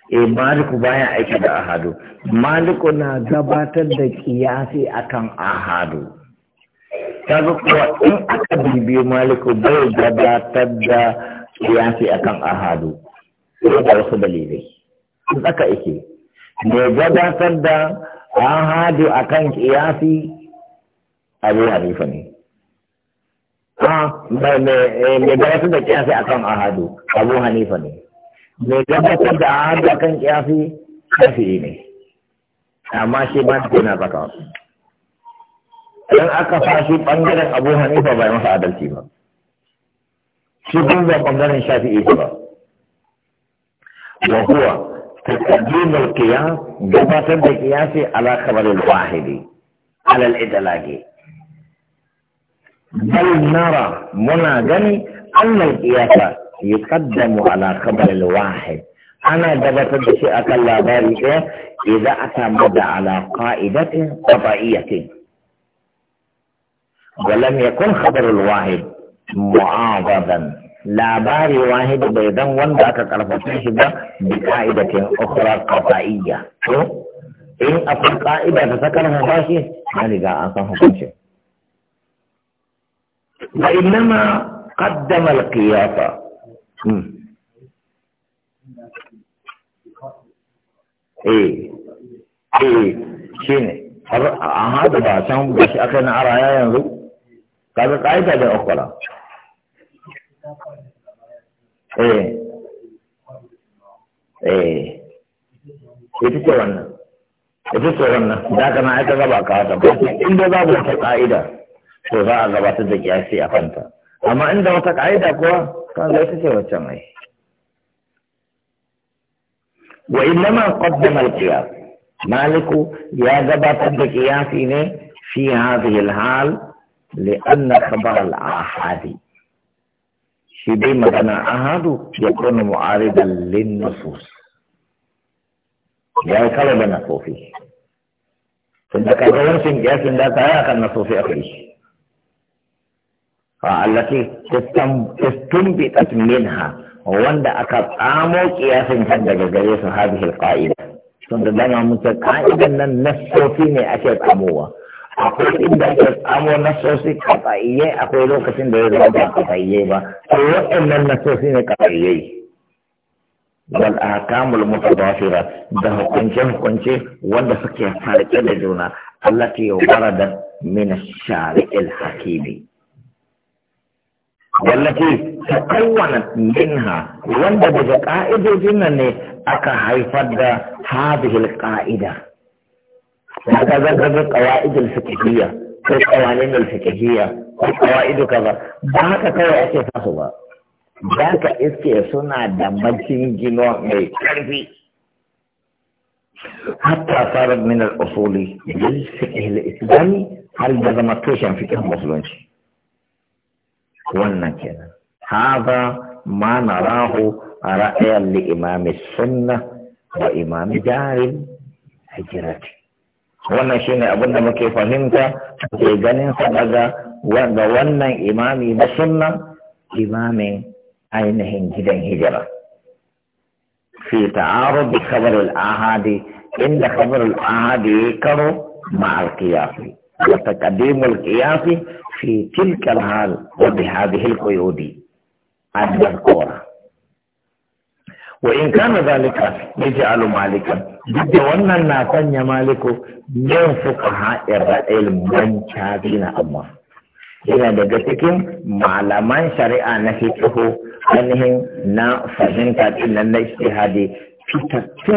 e eh, maliku baya aiki da ahadu maliku na gabatar da kiyasi akan ahadu ta kuwa in aka bibiyo maliku bai gabatar da kiyasi akan ahadu ko da wasu dalilai in aka ike ne gabatar da an hadu a kan kiyasi abu hanifa ne mai eh, gabatar da kiyasi a kan ahadu abu hanifa ne mai gabatar da ahadu a kan kiyasi kafi ne amma shi ba su na baka idan aka fashi bangaren abu hanifa bai masa adalci ba shi gungun bangaren shafi'i ba wa kuwa. تقديم القياس جبت بقياسي على خبر الواحد على الإدلاجي بل نرى مناجني أن القياس يقدم على خبر الواحد أنا جبت بشيء أقل ذلك إذا اعتمد على قاعدة قطعية ولم يكن خبر الواحد معاضدا labari wahidu bai zan wanda aka karfafi shi ba bi ka'idatin ukhra qata'iyya to in akwai ka'ida da ta karfafa shi na riga an san hukunci wa innama qaddama al-qiyasa hmm. eh eh shine an haɗa ba can ba shi aka na araya yanzu kaga ka'ida da ukhra ايه ايه يتيجي وانا يتيجي وانا ده كان عايز اجيب ان ده ابو القاعده شو ذا اما ان ده وتك كان ليس شيء وچن وانما قدم القياس مالك يا غبطت ذيك في هذه الحال لان خبر الاحاديث shi dai magana ahadu ya kuna mu'aridan lin nufus ya yi karo da nasofi tun da kaga wancan kiyasin da ta yi akan nasofi a kai a allati istumbitat ha? wanda aka tsamo kiyasin kan daga gare su hadhihi alqa'ida tun da dama mun ce ka'idan nan nasofi ne ake tsamowa akwai inda ake samo nasosi kafaiyai akwai lokacin da ya zama ba kafaiyai ba to waɗannan nasosi ne kafaiyai bal ahkamul mutadafira da hukunce hukunce wanda suke sarƙe da juna allati warada min shari'il hakimi wallati taqawwanat minha wanda daga ka'idojin nan ne aka haifar da hadhihi al-qa'ida هذا ذكر القواعد الفقهية في القوانين الفقهية في القواعد كذا ذاك كوي أكي فاسوا ذاك إسكي سنة دمجين جنوا مي كرفي حتى صار من الأصول للفقه الإسلامي هل هذا ما جزم توشن فقه مسلمش wannan kenan هذا ما نراه رأي لإمام السنة وإمام دار هجرتي wannan shine abin da muke fahimta ke ganin sa daga wanda wannan imami na sunna imamin ainihin gidan hijira fi ta'arud bi khabar al-ahadi inda khabar al-ahadi ya karo ma al-qiyasi wa taqdim al-qiyasi fi tilka al-hal wa bi hadhihi al-quyudi adda qura wa in kana zalika 'Alu malikan duk da wannan na sanya maliko min fuqaha irra'il mancabina amma yana daga cikin malaman shari'a na fiqhu ainihin na fahimta din nan na ijtihadi fitattu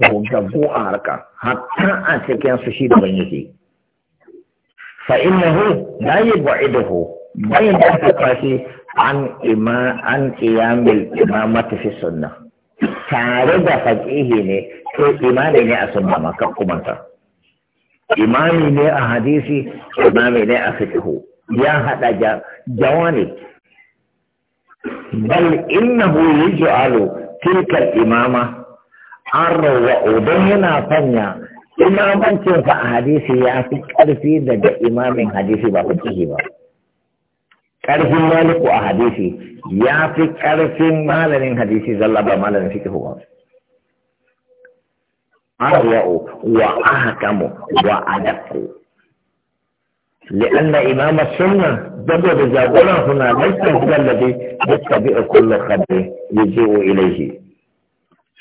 gogaggu a harka hatta a cikin su shi ban yake fa innahu la yub'iduhu bayan da aka an ima an qiyamil imamati fi sunnah tare da faƙihi ne to imani ne a sunna ma kumanta imani ne a hadisi imani ne a fiqhu ya hada jawani bal innahu yaj'alu tilka al-imama arwa dan yana sanya imamancin fa a hadisi ya fi karfi daga imamin hadisi ba fiqhi ba ƙarfin maliku a hadisi ya fi ƙarfin malamin hadisi zalla ba malamin fiqh ba ahkamu wa adaku. لأن إمام السنة دبر بزاولا هنا ليس هو الذي يتبع كل خبر يجيء إليه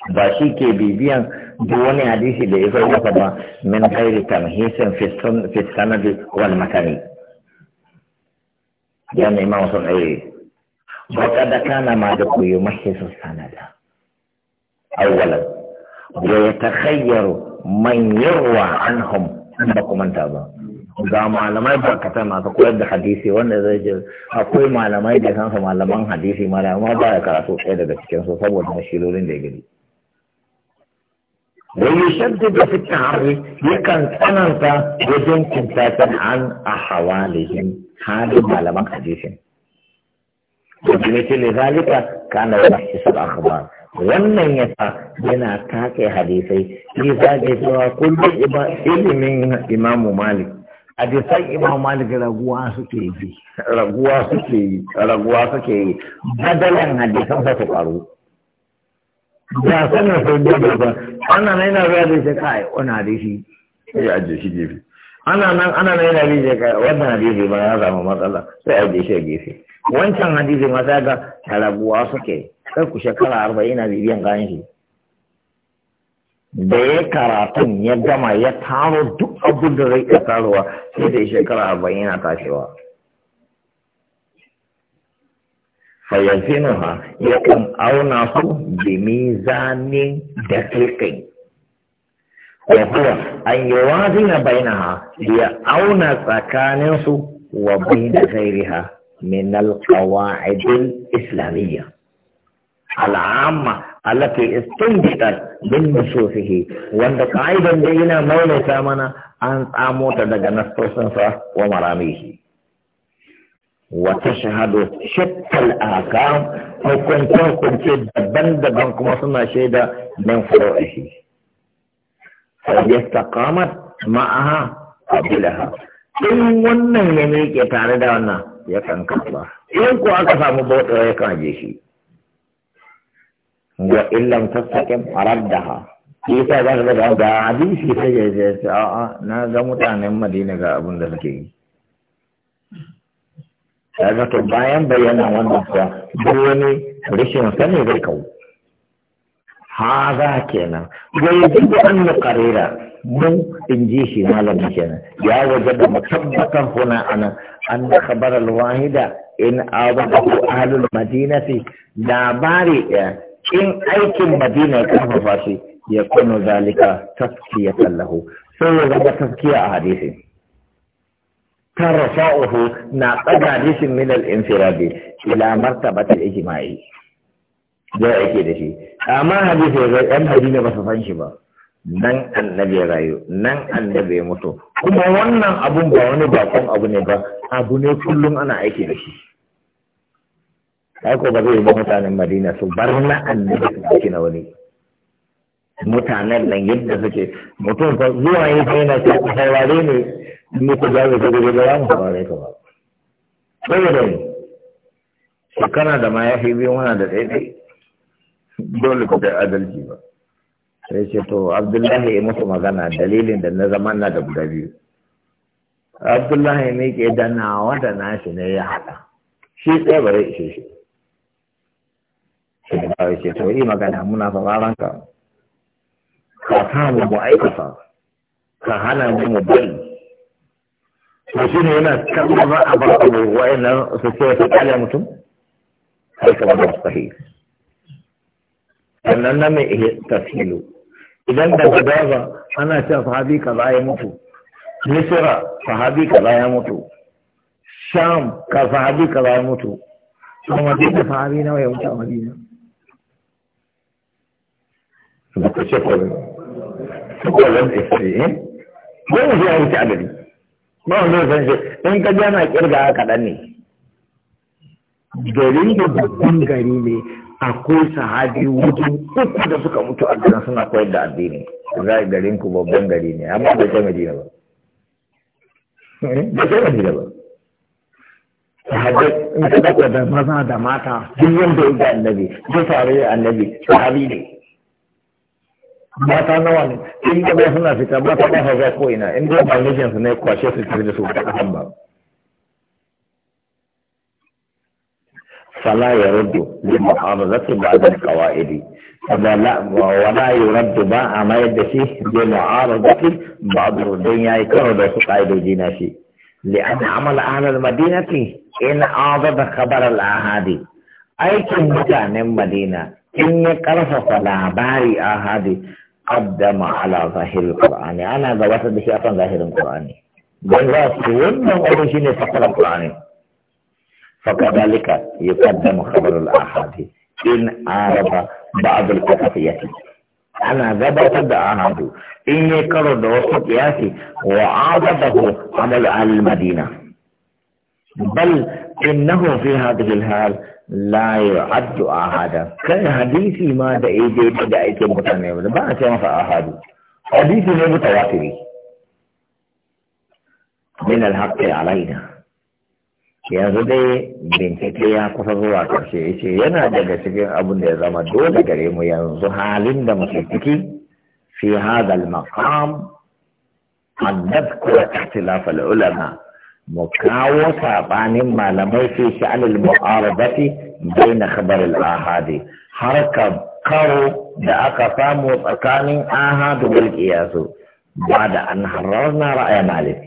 باشي كي بيبيا دون حديث لإفادة من غير تمهيس في, في السند والمكان يعني ما وصل إليه وقد كان مالك يمحص السند أولا ويتخير من يروى عنهم بكم من تابع ga malamai barkatai masu koyar da hadisi wanda zai ce akwai malamai da kansa malaman hadisi malamai ba ya karatu ɗaya daga cikin su saboda mashilolin da ya gani wani shaddu da fita hari yakan tsananta wajen kintatar an a hawalihin halin malaman hadisin وبمثل ذلك كان a الأخبار wannan ya sa yana take hadisai shi za ke cewa kullum ilimin imamu malik hadisan imamu malik raguwa suke yi raguwa suke yi raguwa suke yi badalan hadisan sa su karu ba sanin sai dai ba Wannan nan yana zuwa da shi kai wani hadisi sai ya ajiye shi gefe ana nan ana nan yana rije ka wannan hadisi ba ya samu matsala sai a je shi a gefe wancan hadisi ma sai ga tarabuwa suke sai ku shekara arba'in na bibiyan kayan shi da ya karatun ya gama ya taro duk abin da zai iya tarowa sai da shekara arba'in na tashewa ya yakan auna su da mizanin kai وهو أن يوازن بينها ليأون سكانس وبين غيرها من القواعد الإسلامية العامة التي استنبطت من نصوصه وأن قاعدة لنا مولى سامنا أن أموت دقى نصوصا ومراميه وتشهد شتى الآكام حكم حكم شدة بند بنكم وصلنا شدة من فروعه yastaqamat ma'aha qabilaha in wannan ya miƙe tare da wannan ya kan kafa. in ko aka samu bauta ya kan je shi wa illam tastaqim raddaha shi yasa da da ga hadisi sai ya ce a'a na ga mutanen Madina ga abin da suke yi kaga to bayan bayyana wannan kuwa duk wani rashin sani zai kawo haza kenan wai duk an nukarira mun in ji shi malami kenan ya waje da tabbatar huna ana an da khabar alwahida in abadahu ahlul madinati labari ɗaya in aikin madina ya karfafa shi ya kunu zalika tafkiyatan lahu sai ya zama tafkiya a hadisi tarrafa'uhu na tsaga hadisin min al-infiradi ila martabatil ijma'i za a yake da shi amma hadisi ya ɗan madina ba su san shi ba nan annabi ya rayu nan annabi ya mutu kuma wannan abun ba wani bakon abu ne ba abu ne kullum ana aiki da shi ko ba zai ba mutanen madina su bar na annabi su ɗauki na wani mutanen nan yadda suke mutum fa zuwa yi fa yana ce ku saurare ne in ku za ku ga ga mu saurare ka ba saboda ne shekara da ma ya fi biyu muna da ɗaiɗai dole ko kai adalci ba sai ce to abdullahi ya musu magana dalilin da na zaman na da guda biyu abdullahi ne ke da nawa da nashi ne ya haɗa shi tsaye zai ishe shi sai ba ya ce to yi magana muna sauraron ka ka samu mu aikata ka hana mu mu bari to shi ne yana kallon ba a bar abu yana su ce su kale mutum kai kamar mustahil sannan na mai tafilo idan da gaza ana cewa sahabi kaza ya mutu misira sahabi kaza ya mutu sham ka sahabi kaza ya mutu to madina sahabi nawa ya wuce a madina da ku ce kwallon kwallon ɗaya yanzu ya wuce adadi ba wanda san shi in ka ji ana kirga kaɗan ne garin da babban gari ne akwai sahabi wudu uku da suka mutu a garin suna koyar da addini za garin ku babban gari ne amma bai kai madina ba eh, bai kai madina ba sahabai in ka dakwa da maza da mata duk wanda ya ga annabi duk tare da annabi sahabi ne mata nawa ne in ba suna fita mata ba ta ga ko ina in dai ba jinsu ne kwashe su tare da su ba ta ba فلا يرد لمعارضة بعض القواعد فلا ولا يرد ما ما يدشي لمعارضة بعض الدنيا يكرد قائد الجناشي لأن عمل أهل المدينة إن أعضب خبر الأهادي أي كمتا من المدينة إن يقرف فلا باري أهادي قدم على ظاهر القرآن أنا ذا وسط بشيء ظاهر القرآن بل راسي من أولي شيء فقر القرآن فكذلك يقدم خبر الأحد إن عرب بعض الكفيات أنا ذبت أعاد إن يكرد دوس ياتي وعارضه عمل المدينة بل إنه في هذه الحال لا يعد أحد كان حديثي ما دعيتي دعيتي متنبه ما كان مسا أحد حديثي متواتري من الحق علينا yanzu dai bincike ya kusa zuwa ƙarshe ya ce yana daga cikin abin da ya zama dole gare mu yanzu halin da muke ciki fi hada al-maqam annab ko ikhtilaf al-ulama mu kawo sabanin malamai fi sha'an al-mu'arabati bayna khabar al-ahadi harka karo da aka samu tsakanin ahadu bil qiyas ba da an hararna ra'ayi malik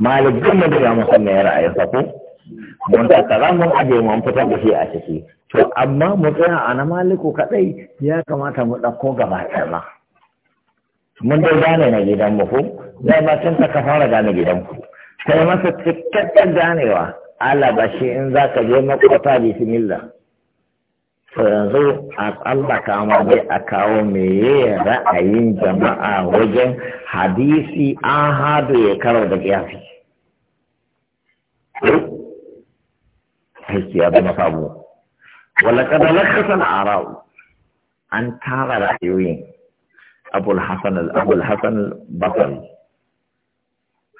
malik din da ya musanna ra'ayin sa ko don ta kaza mun aje mun fitar da shi a ciki to amma mu tsaya a na maliku kadai ya kamata mu ɗauko gaba ma mun dai gane na gidan mu ko dai ba tun ka fara gane gidan ku kai masa cikakken ganewa ala ba shi in za ka je makwata bismillah to yanzu a tsallaka ma dai a kawo meye ra'ayin jama'a wajen hadisi an hadu ya karo da kiyafi aiki ya zama sabo ولقد لخص الآراء أن ترى رأيوين أبو الحسن أبو الحسن البصري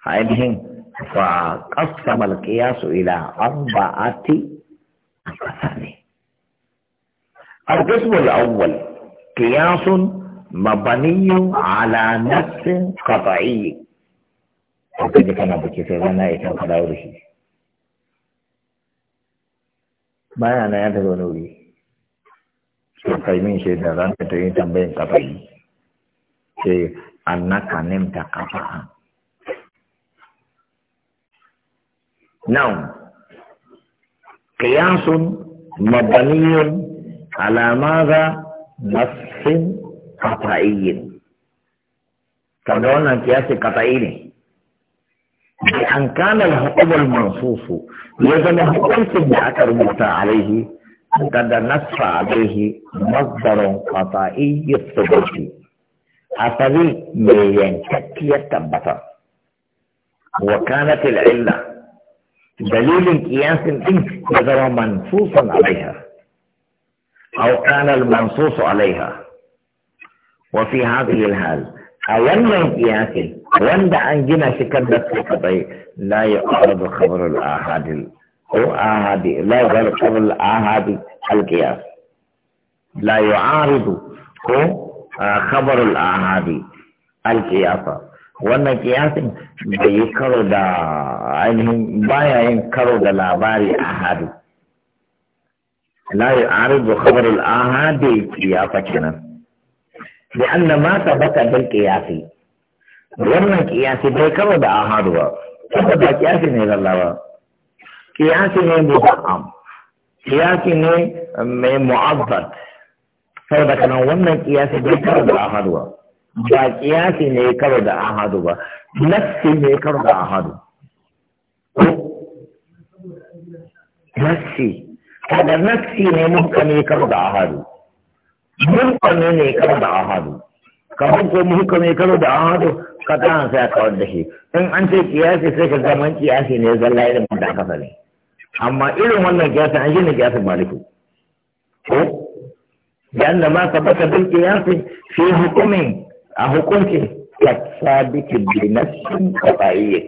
فعلهم فقسم القياس إلى أربعة أقسام القسم الأول قياس مبني على نفس قطعي baya na ya taba nuri so kai min shi da ran ta yi tambayin kafa yi ce annaka ta kafa a nan kiyasun mabaniyon alamaza nasin kafa'iyin kada wannan kafa kafa'iyin بأن كان الحكم المنصوص يجب حكم بأكر المتى عليه قد نصف عليه مصدر قطعي الثبوت أصلي مليان كتية تبتا وكانت العلة دليل قياس الإنس يجب منصوصا عليها أو كان المنصوص عليها وفي هذه الحال a wannan kiyasin wanda an gina shi kan da su kadai la ya arzu da al-ahadi ko ahadi la ya arzu khabar al-ahadi al-qiyas la ya arzu ko ah, khabar al-ahadi al-qiyasa wannan kiyasin bai yi karo da ainihin baya yin karo da labari ahadi la ya arzu khabar al-ahadi qiyasa kenan لأن ما ثبت بالقياس ورنا قياسي بيكا ودا آهاد وا ثبت قياسي نيد الله وا قياسي نيد مدعام قياسي نيد معبد فرد كنا ورنا قياسي بيكا ودا آهاد وا قياسي نيكا ودا آهاد وا نفسي نيكا ودا آهاد وا نفسي هذا نفسي نيد ممكن يكا ودا hukumi ne kan da ahadu ka hukumi hukumi kan da ahadu ka an sai ka wanda shi in an ce kiyasi sai ka zama kiyasi ne zalla irin da aka sani amma irin wannan kiyasi an yi ne kiyasi maliki ko dan da ma ka baka bin kiyasi fi hukumi a hukunci ka sabiki bi nafsin qata'iyya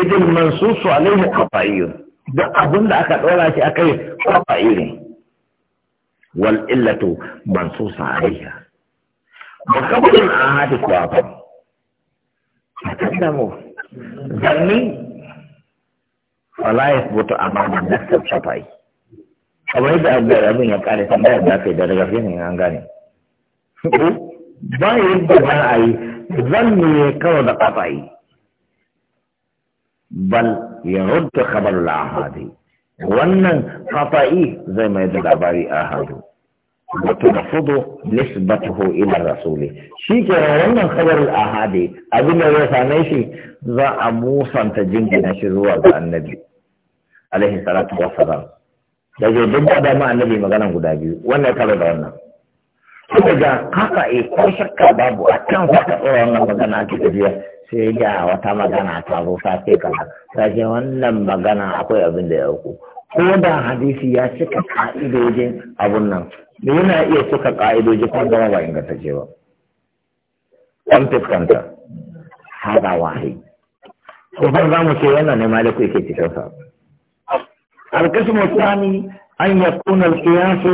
idan mansusu alaihi qata'iyya da abin da aka dora shi akai qata'iyya wal illatu mansusa alaiha an ahadi kuwa ba da mu zanni wala ya fito amana nasar safai kamar yadda abgar abin ya kare tambayar da aka yi da daga fiye an gane ba yadda za a yi zanni ne kawai da kafa yi bal ya rudda kabar ahadi wannan fafa'i zai mai da labari a hadu wato da fudu nisbatuhu ila rasuli shi ke wannan al ahadi abin da zai same shi za a musanta jingina shi zuwa ga annabi alaihi salatu salam da ke duk da ma annabi magana guda biyu wannan kare da wannan kuma ga haka e ko shakka babu a kan haka wannan magana ake tafiya sai ga wata magana ta zo safe kaza sai wannan magana akwai abin da ya uku ko da hadisi ya cika ka'idojin abun nan da yana iya cika ka'idojin kuma zama ba ingantacce ba an fuskanta haɗa wahi ko ba za mu ce wannan ne maliku yake cikin sa alƙashin mutane an yi kunar kiyasu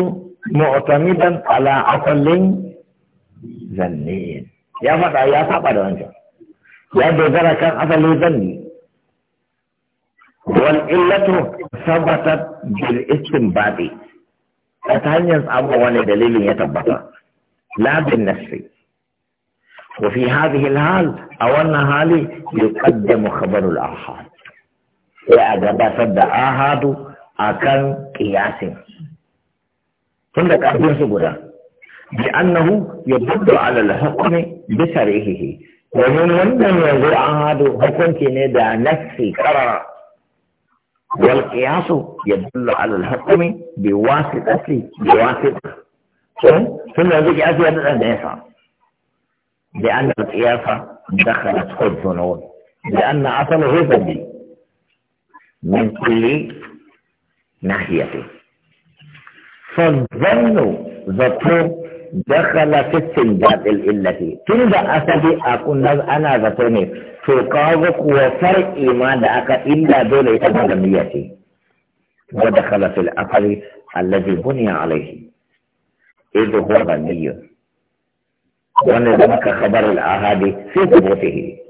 mu'tamidan ala asalin zanne ya faɗa ya saba da wancan ya dogara kan asalin zanne wal'illatu sabatat bil ismin baɗi a ta hanyar samun wani dalilin ya tabbata labin nasri wa fi hadhihi al a wannan hali yuqaddamu khabarul ahad sai a gabatar da ahadu akan qiyasin tunda karfin su guda bi annahu ya ala al hukm bi sarihi wa wannan yanzu ahadu hukunci ne da nafsi karara والقياس يدل على الحكم بواسطة بواسطة ثم يجي أزيد الأدعية لأن القياس دخلت في الظنون لأن أصل غذبي من كل ناحية فالظن ذاته دخل في استنجاد الإلة تلد أسدي أكون أنا ذاتوني to kawo kuwa farki ma da aka illa dole ita ba da niyya ce wa dakhala fil aqli alladhi buniya alayhi idu huwa niyya wanda da aka khabar al ahadi fi thubutihi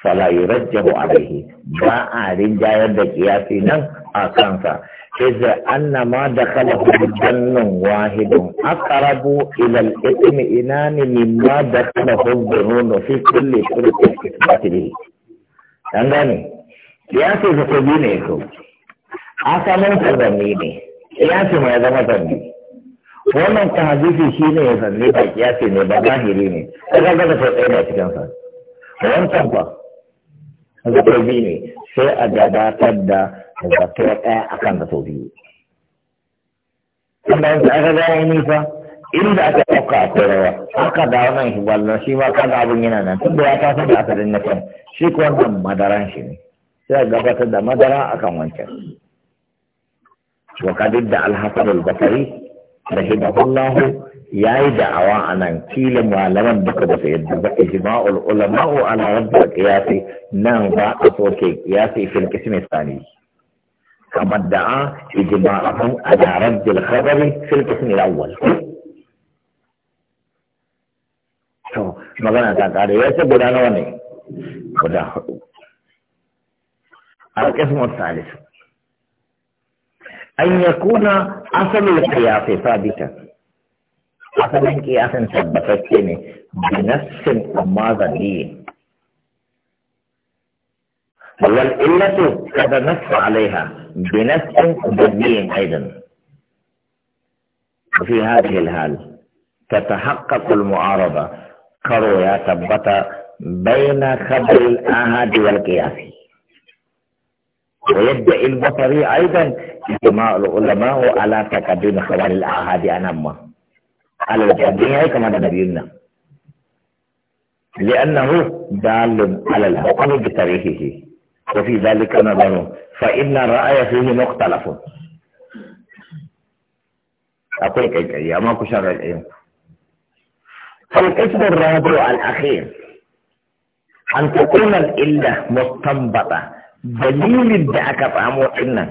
fala yurajjahu alayhi ba a rinjayar da kiyasi nan a kansa إذا أن ما دخله الجن واحد أقرب إلى الاطمئنان مما دخله الظنون في كل فرقة batili Dan gane kiyasi zato biyu ne ko, ya asalin zanni ne kiyasi mai zama zanni wannan ta hadisi shi ne ya zanni ba kiyasi ne ba zahiri ne ta gaga da sauƙai ne a cikinsa wancan ba zato biyu ne sai a gabatar da zato ɗaya akan zato biyu. Kuma yanzu aka gane nisa inda aka ɗauka a rawa aka da nan shi ballon shi ma ga abin yana nan tun da ya kasa da asalin na can shi ko wannan madaran shi ne sai a gabatar da madara akan wancan wa kadid da alhasan al ya yi yayi da'awa anan kila malaman duka ba su yadda ba ijma'ul ulama'u ala rabb al nan ba a soke qiyasi fil qismi thani kamar da'a ijma'ahum ala rabb al-khabar fil qismi al-awwal مغنى تاكاري الثالث أن يكون أصل القياس ثابتا أصل القياس ثابتا بنفس أماذا دي والإلة قد نص عليها بنفس بالدين أيضا وفي هذه الحال تتحقق المعارضة karo ya tabbata baina khabar al-ahad wal qiyasi ويدعي البصري ايضا اجماع العلماء على تقديم خبر الاحاد عن امه على الجميع كما نبينا لانه دال على الحكم بتاريخه وفي ذلك نظر فان الراي فيه مختلف اقول يا ما كشر العلم الاسم الرابع الأخير أن تكون الإلة مستنبطة دليل دعك فهمه ان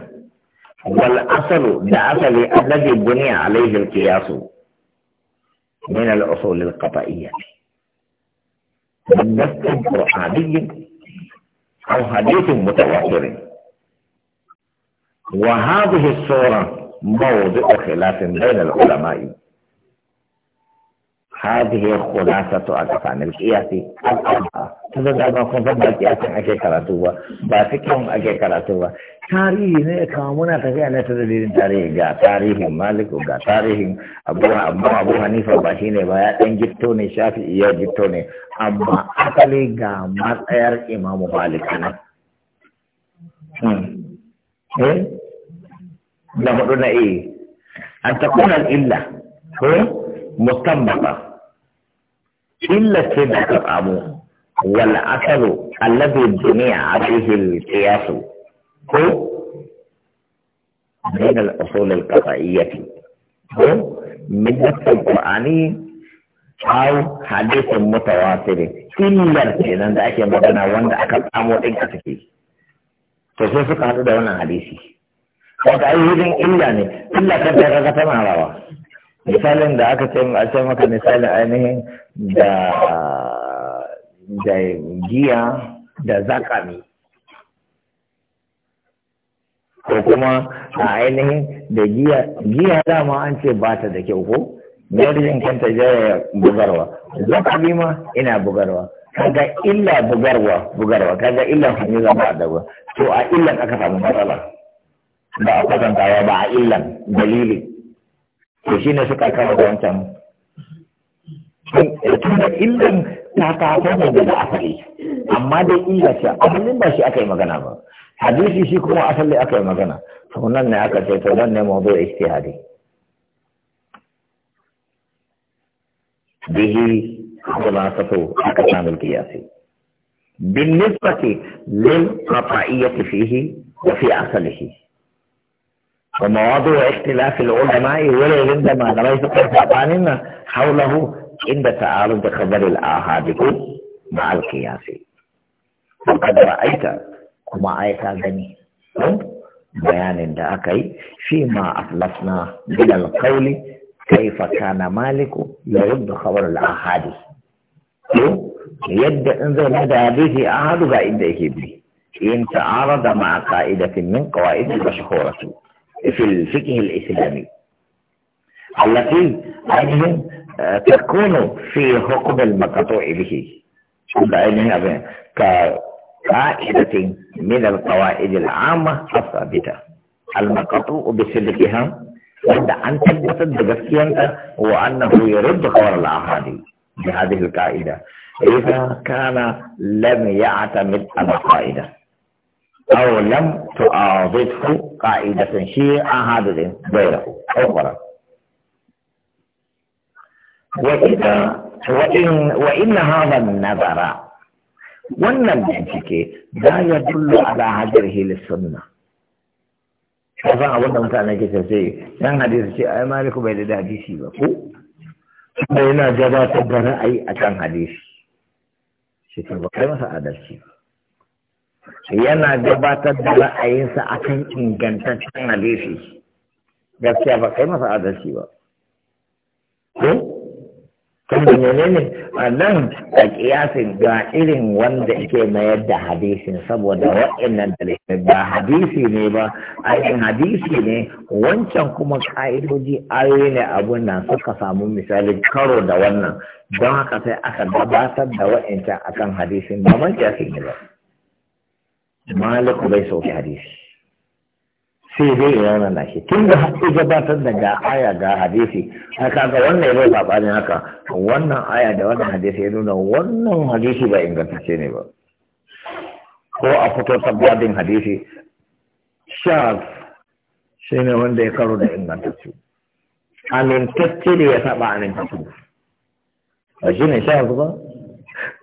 والأصل الأصل الذي بني عليه القياس من الأصول القطعية من نص قرآني أو حديث متواتر وهذه الصورة موضع خلاف بين العلماء هذه خلاصة أركان القياس الأربعة تبدا ما كنت بقياس أشي كراتوبة باتكم أشي كراتوبة تاريخ كامونا تجي أنا تدرين تاريخ جا تاريخ مالك وجا تاريخ أبو أبو أبو حنيفة باشينه بايا تنجتوني شافي إياه جتوني أما أكلي جا مات أيار إمام مالك أنا هم إيه لما قلنا إيه أن تكون الإلة هو مستنبطة إلا سيدك الأمو والأثر الذي بني عليه القياس هو من الأصول القطعية هو من القرآن أو حديث متواتر إلا nan da ake magana wanda aka samu ɗin a take to sai suka haɗu da wannan hadisi wanda ayyukan illa ne illa da ka tana rawa misalin da aka ce a ce maka misalin ainihin da da giya da zakami ko kuma a ainihin da giya giya dama an ce ba ta da kyau ko yarjin kanta jaya bugarwa zakami ma ina bugarwa kaga illa bugarwa bugarwa kaga illa hanyar zama a to a illan aka samu matsala ba a kwatantawa ba a illan dalilin to shi ne suka kama da wancan eh, tunda illan ta taso ne da asali amma dai illa ce abin ba shi aka yi magana ba hadisi shi kuma asali aka yi magana to nan ne aka ce to nan ne mawdu ijtihadi bihi bin nisbati lil بالنسبة fihi wa fi asalihi ومواضع اختلاف العلماء ولا ما لم يذكر ثقانين حوله عند تعارض خبر الآحاد مع القياس وقد رأيت كما آيتا غني بيان داكي فيما أخلصنا من القول كيف كان مالك يرد خبر الآحاد يد انظر مدى به أحد غائده به إن تعارض مع قائدة من قوائد المشهورة في الفقه الإسلامي التي عينهم آه، تكون في حكم المقطوع به عينهم كقاعدة من القواعد العامة الثابتة المقطوع بصدقها عند أن تثبت بذكيانك وأنه يرد خبر الأحاديث بهذه القاعدة إذا كان لم يعتمد على قاعدة أو لم تعارضه قاعدة شيعة هذا غيره أخرى وإذا وإن, وإن هذا النظر wannan bincike za ya dullo ala hajjarhi lissunna kasan abin da mutane ke sai yan hadisi ce ai maliku bai da hadisi ba ko da yana gabatar da a akan hadisi shi ba kai masa adalci ba yana gabatar da ra'ayinsa akan ingantaccen hadisi gaskiya ba kai masa adalci ba ko kan da menene a nan a kiyasin ga irin wanda ke mayar da hadisin saboda waɗannan dalilai ba hadisi ne ba yin hadisi ne wancan kuma ka'idoji ayoyi ne abun nan suka samu misali karo da wannan don haka sai aka gabatar da waɗancan akan hadisin ba man kiyasin ne ba malik bai sauke hadisi sai dai ya na shi tun da haɗe gabatar da ga aya ga hadisi a kaga wannan ya bai saɓanin haka wannan aya da wannan hadisi ya nuna wannan hadisi ba ingantacce ne ba ko a fito sabbabin hadisi shaf shi ne wanda ya karo da ingantacce amintacce da ya saba amintacce ba shi ne shaf ba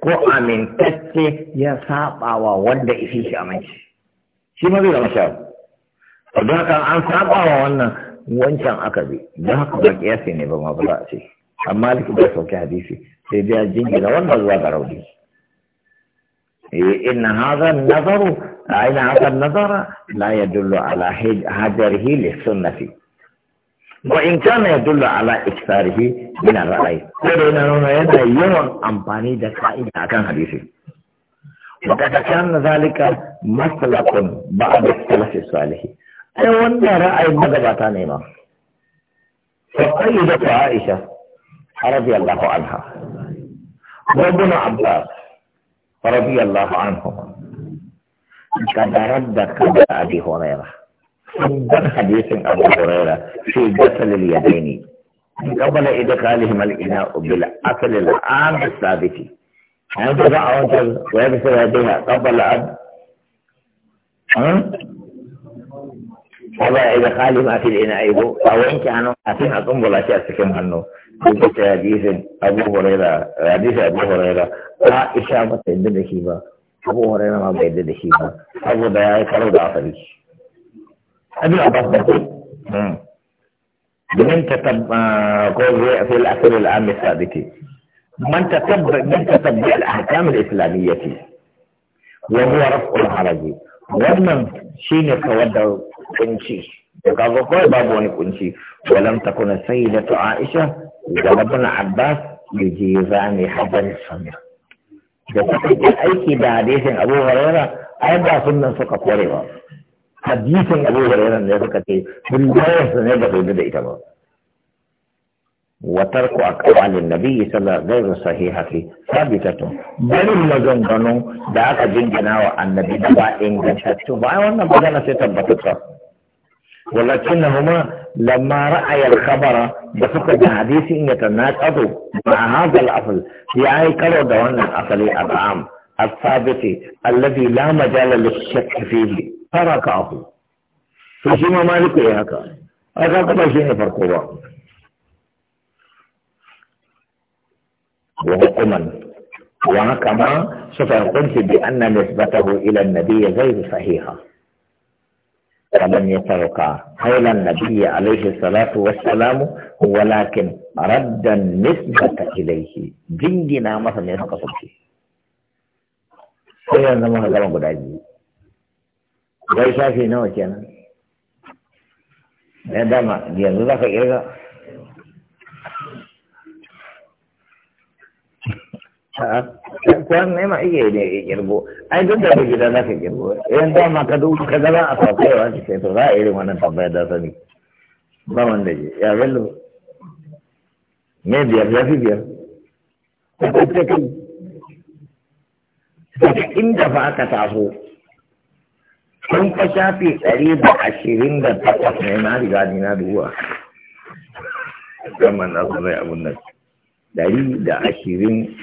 ko amintacce ya saɓawa wanda ishe shi aminci shi ma zai zama sha a don haka an saba wannan wancan aka bi don haka ba kiyasi ne ba ma ba za a ce amma liki bai sauke hadisi sai dai jingina wannan zuwa ga rauni إن هذا nazara أين هذا النظر hajar يدل على هجره للسنة وإن كان يدل على إكثاره من الرأي ولكن هنا يوم أمباني دكائي أكان حديثي وقد كان ذلك مثلا بعد الثلاث الصالح أنا وانا رأي باتان ما فقيدة عائشة رضي الله عنها وابن عباس رضي الله عنهما قد كدر أبي هريره سندر حديث أبو هريرة في غسل اليدين قبل إدخالهما الإناء بالأكل العام الثابت هذا دعوة ويغسل يديها قبل أن قبل إدخالهما في الإناء أو إن كانوا أتين أقوم ولا شيء أتكلم عنه في حديث أبو هريرة حديث أبو هريرة لا إشابة تدد شيبة أبو هريرة ما بيدد شيبة أبو دعاء كرو دعاء ابي العباس بدري من تتب آه، قول في الاخير الان مسادك من تتب من تتبع الاحكام الاسلاميه وهو رفع العربي ومن شين يتودع كنشي وقال قول بابوني كنشي ولم تكن السيدة عائشة إذا ابن عباس يجيزان حجا السنة لكن أي كي بعديث أبو هريرة أيضا سنة سقط وريضا hadisin abu huraira ne suka ce riwayar sa ne ba su da ita ba wa tarku aqwalin nabi sallallahu alaihi wasallam sahihati sabitatun barin maganganu da aka jingina wa annabi da ba ingantattu ba wannan magana sai tabbatar ولكنهما لما رأي الخبر بفقد a إن يتناقض ya yi karo da wannan asali الأصل العام الثابت الذي لا مجال للشك fiye. أراكاهو فشيما مالك يا هكا أكا قبل شيء فرقوا وحكما سوف قلت بأن نسبته إلى النبي غير صحيحة فلم يترك قول النبي عليه الصلاة والسلام ولكن رد النسبة إليه جنجنا مثلا يسقط فيه bai shafi nawa kenan ya eh, dama yanzu za ka kirga kwan nema iya ne kirgo ai duk da gida za ka kirgo yan eh, dama ka duk ka zama a fafayawa ce sai to za a irin wannan tambaya da sani ba wanda ji ya bello me biyar ya fi biyar ta kai inda ba aka taso kun ka shafi ɗari da ashirin da takwas ne na riga ni na duwa gama na sanar abin nan ɗari da ashirin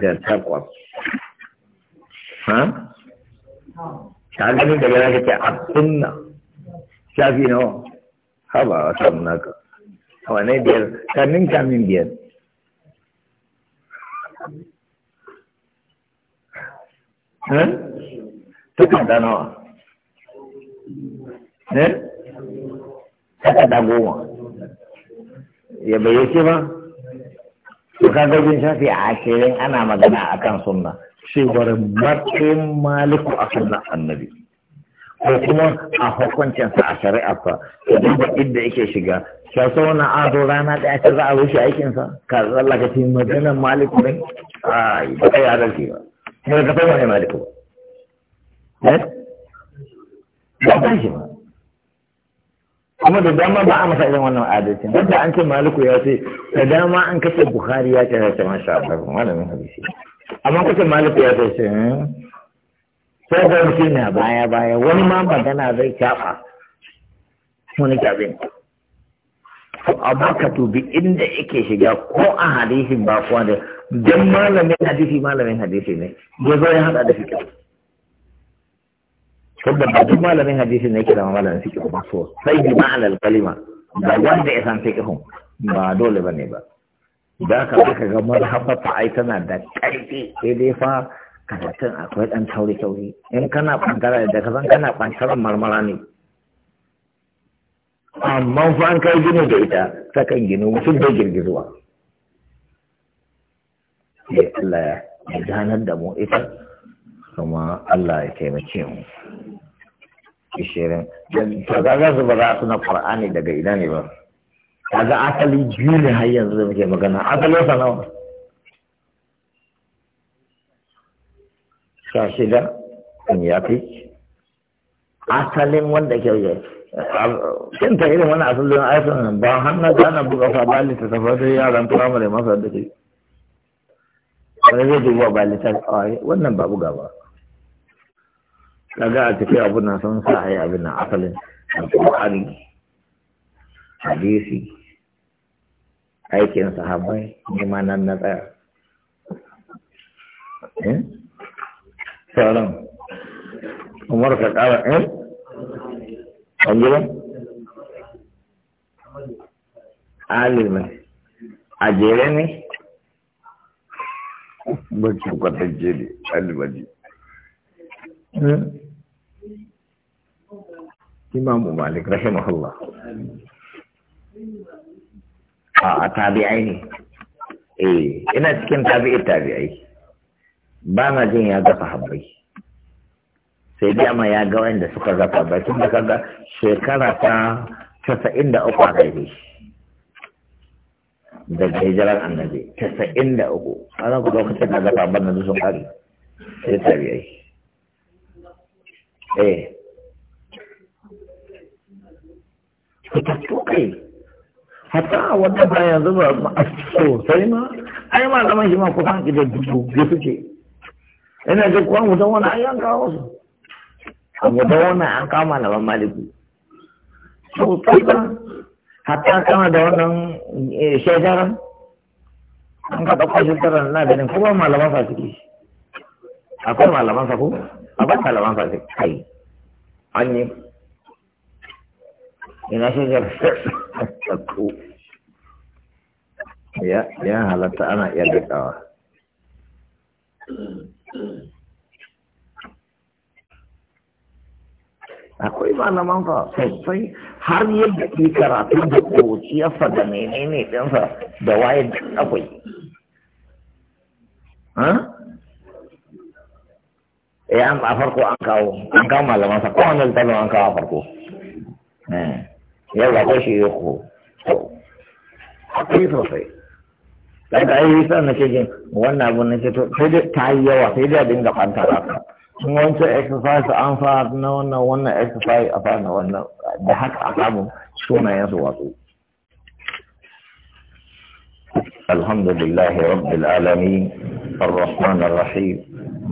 da takwas ha? ta gani da gara kake a sunna shafi nawa haba a samun naka wane biyar kamin kamin biyar ha? tukun da nawa eh takarda goma ya ce ba to kaga bin shafi a ashirin ana magana akan sunna cewar matsayin maliku a sunna annabi ko kuma a hukuncinsa a shari'arsa to duk da inda yake shiga ya so na ado rana ɗaya ta za a rushe aikinsa ka ka ce maganar maliku ne yi, ba kai adalci ba ne ka fahimta ne maliku ba ne eh? ba shi ba kuma da dama ba a masa irin wannan adalci duk da an ce maliku ya ce da dama an kashe bukhari ya ce sai masha Allah malamin hadisi amma kace maliku ya ce hmm, sai ga mutum na baya baya wani ma magana zai kyafa wani kyafin amma ka tubi inda yake shiga ko a hadisin ba kuwa da dan malamin hadisi malamin hadisi ne ya zo ya hada da fikiru tunda ba duk malamin hadisi ne yake da malamin fiqh ba so sai bi ma'anar kalima ba wanda ya san fiqh ba dole ne ba da ka ka ga mazhabar ai tana da ƙarfi sai dai fa karatun akwai ɗan tauri tauri in kana kwantara da ka san kana kwantaran marmara ne amma fa an kai gini da ita kan gini mutum bai girgizuwa sai Allah ya ganar da mu ita kuma Allah ya taimake mu ishirin to kaga su ba za su na qur'ani daga ina ne ba kaga asali biyu ne har yanzu da muke magana asali wata nawa sha shida in ya fi asalin wanda ke yi kin ta irin wani asalin asalin ba hannun da ana buga fa ba littattafa sai yaran firamare masa da ke wani zai duba ba lita wannan ba buga ba kaga a cikin abu na sun sa a yi abin nan asalin alƙur'ani hadisi aikin sahabbai nema nan na tsaya eh? sauran umar ka ɗin eh? a jere ne kwatar jere imamu malik rahimahullah a tabi'ai ne eh ina cikin tabi'i tabi'ai ba na jin ya gafa habbai sai dai amma ya ga wanda suka gafa ba tun da kaga shekara ta casa'in da uku a haife shi daga hijirar annabi casa'in da uku ana ku lokacin da gafa ban na sun kare sai tabi'ai eh fitattu kai hatta wanda ba yanzu ba a sosai ma ai ma zaman shi ma kusan idan dubu ya suke ina da kuwa mutum wani an yanka wasu a mutum wani an kama na maliki sosai ba hatta kana da wannan eh, shekaran an ka ɗauka shekaran na ganin kuma malaman fasiki akwai malaman sa ko a ba malaman fasiki kai an yi ina so ga tsakko ya ya halatta ana iya dakawa akwai malaman fa sosai har yadda ke karatu da ƙociyarsa da menene ɗinsa da waye da akwai ya eh, a farko an kawo an kawo malaman sa kowane littafin an kawo a farko eh. يلا باش يخو حقي توفي لقد عيسى نتيجة وانا ابو نتيجة فيدي تعيي وفيدي ابن دقان تراك وانت اكسفايس انفا اتنا وانا وانا اكسفايس افانا وانا دحك اقابو شو ما يسواتو الحمد لله رب العالمين الرحمن الرحيم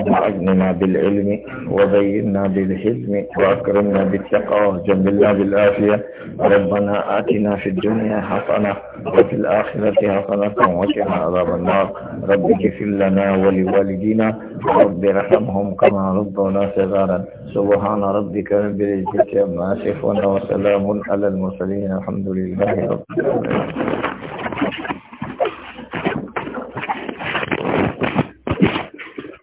اللهم وأجننا بالعلم وزينا بالحلم وأكرمنا بالتقى وجملنا بالعافية ربنا آتنا في الدنيا حسنة وفي الآخرة حسنة وقنا عذاب النار رب اغفر لنا ولوالدينا رب ارحمهم كما ربنا صغارا سبحان ربك رب العزة عما يصفون وسلام على المرسلين الحمد لله رب العالمين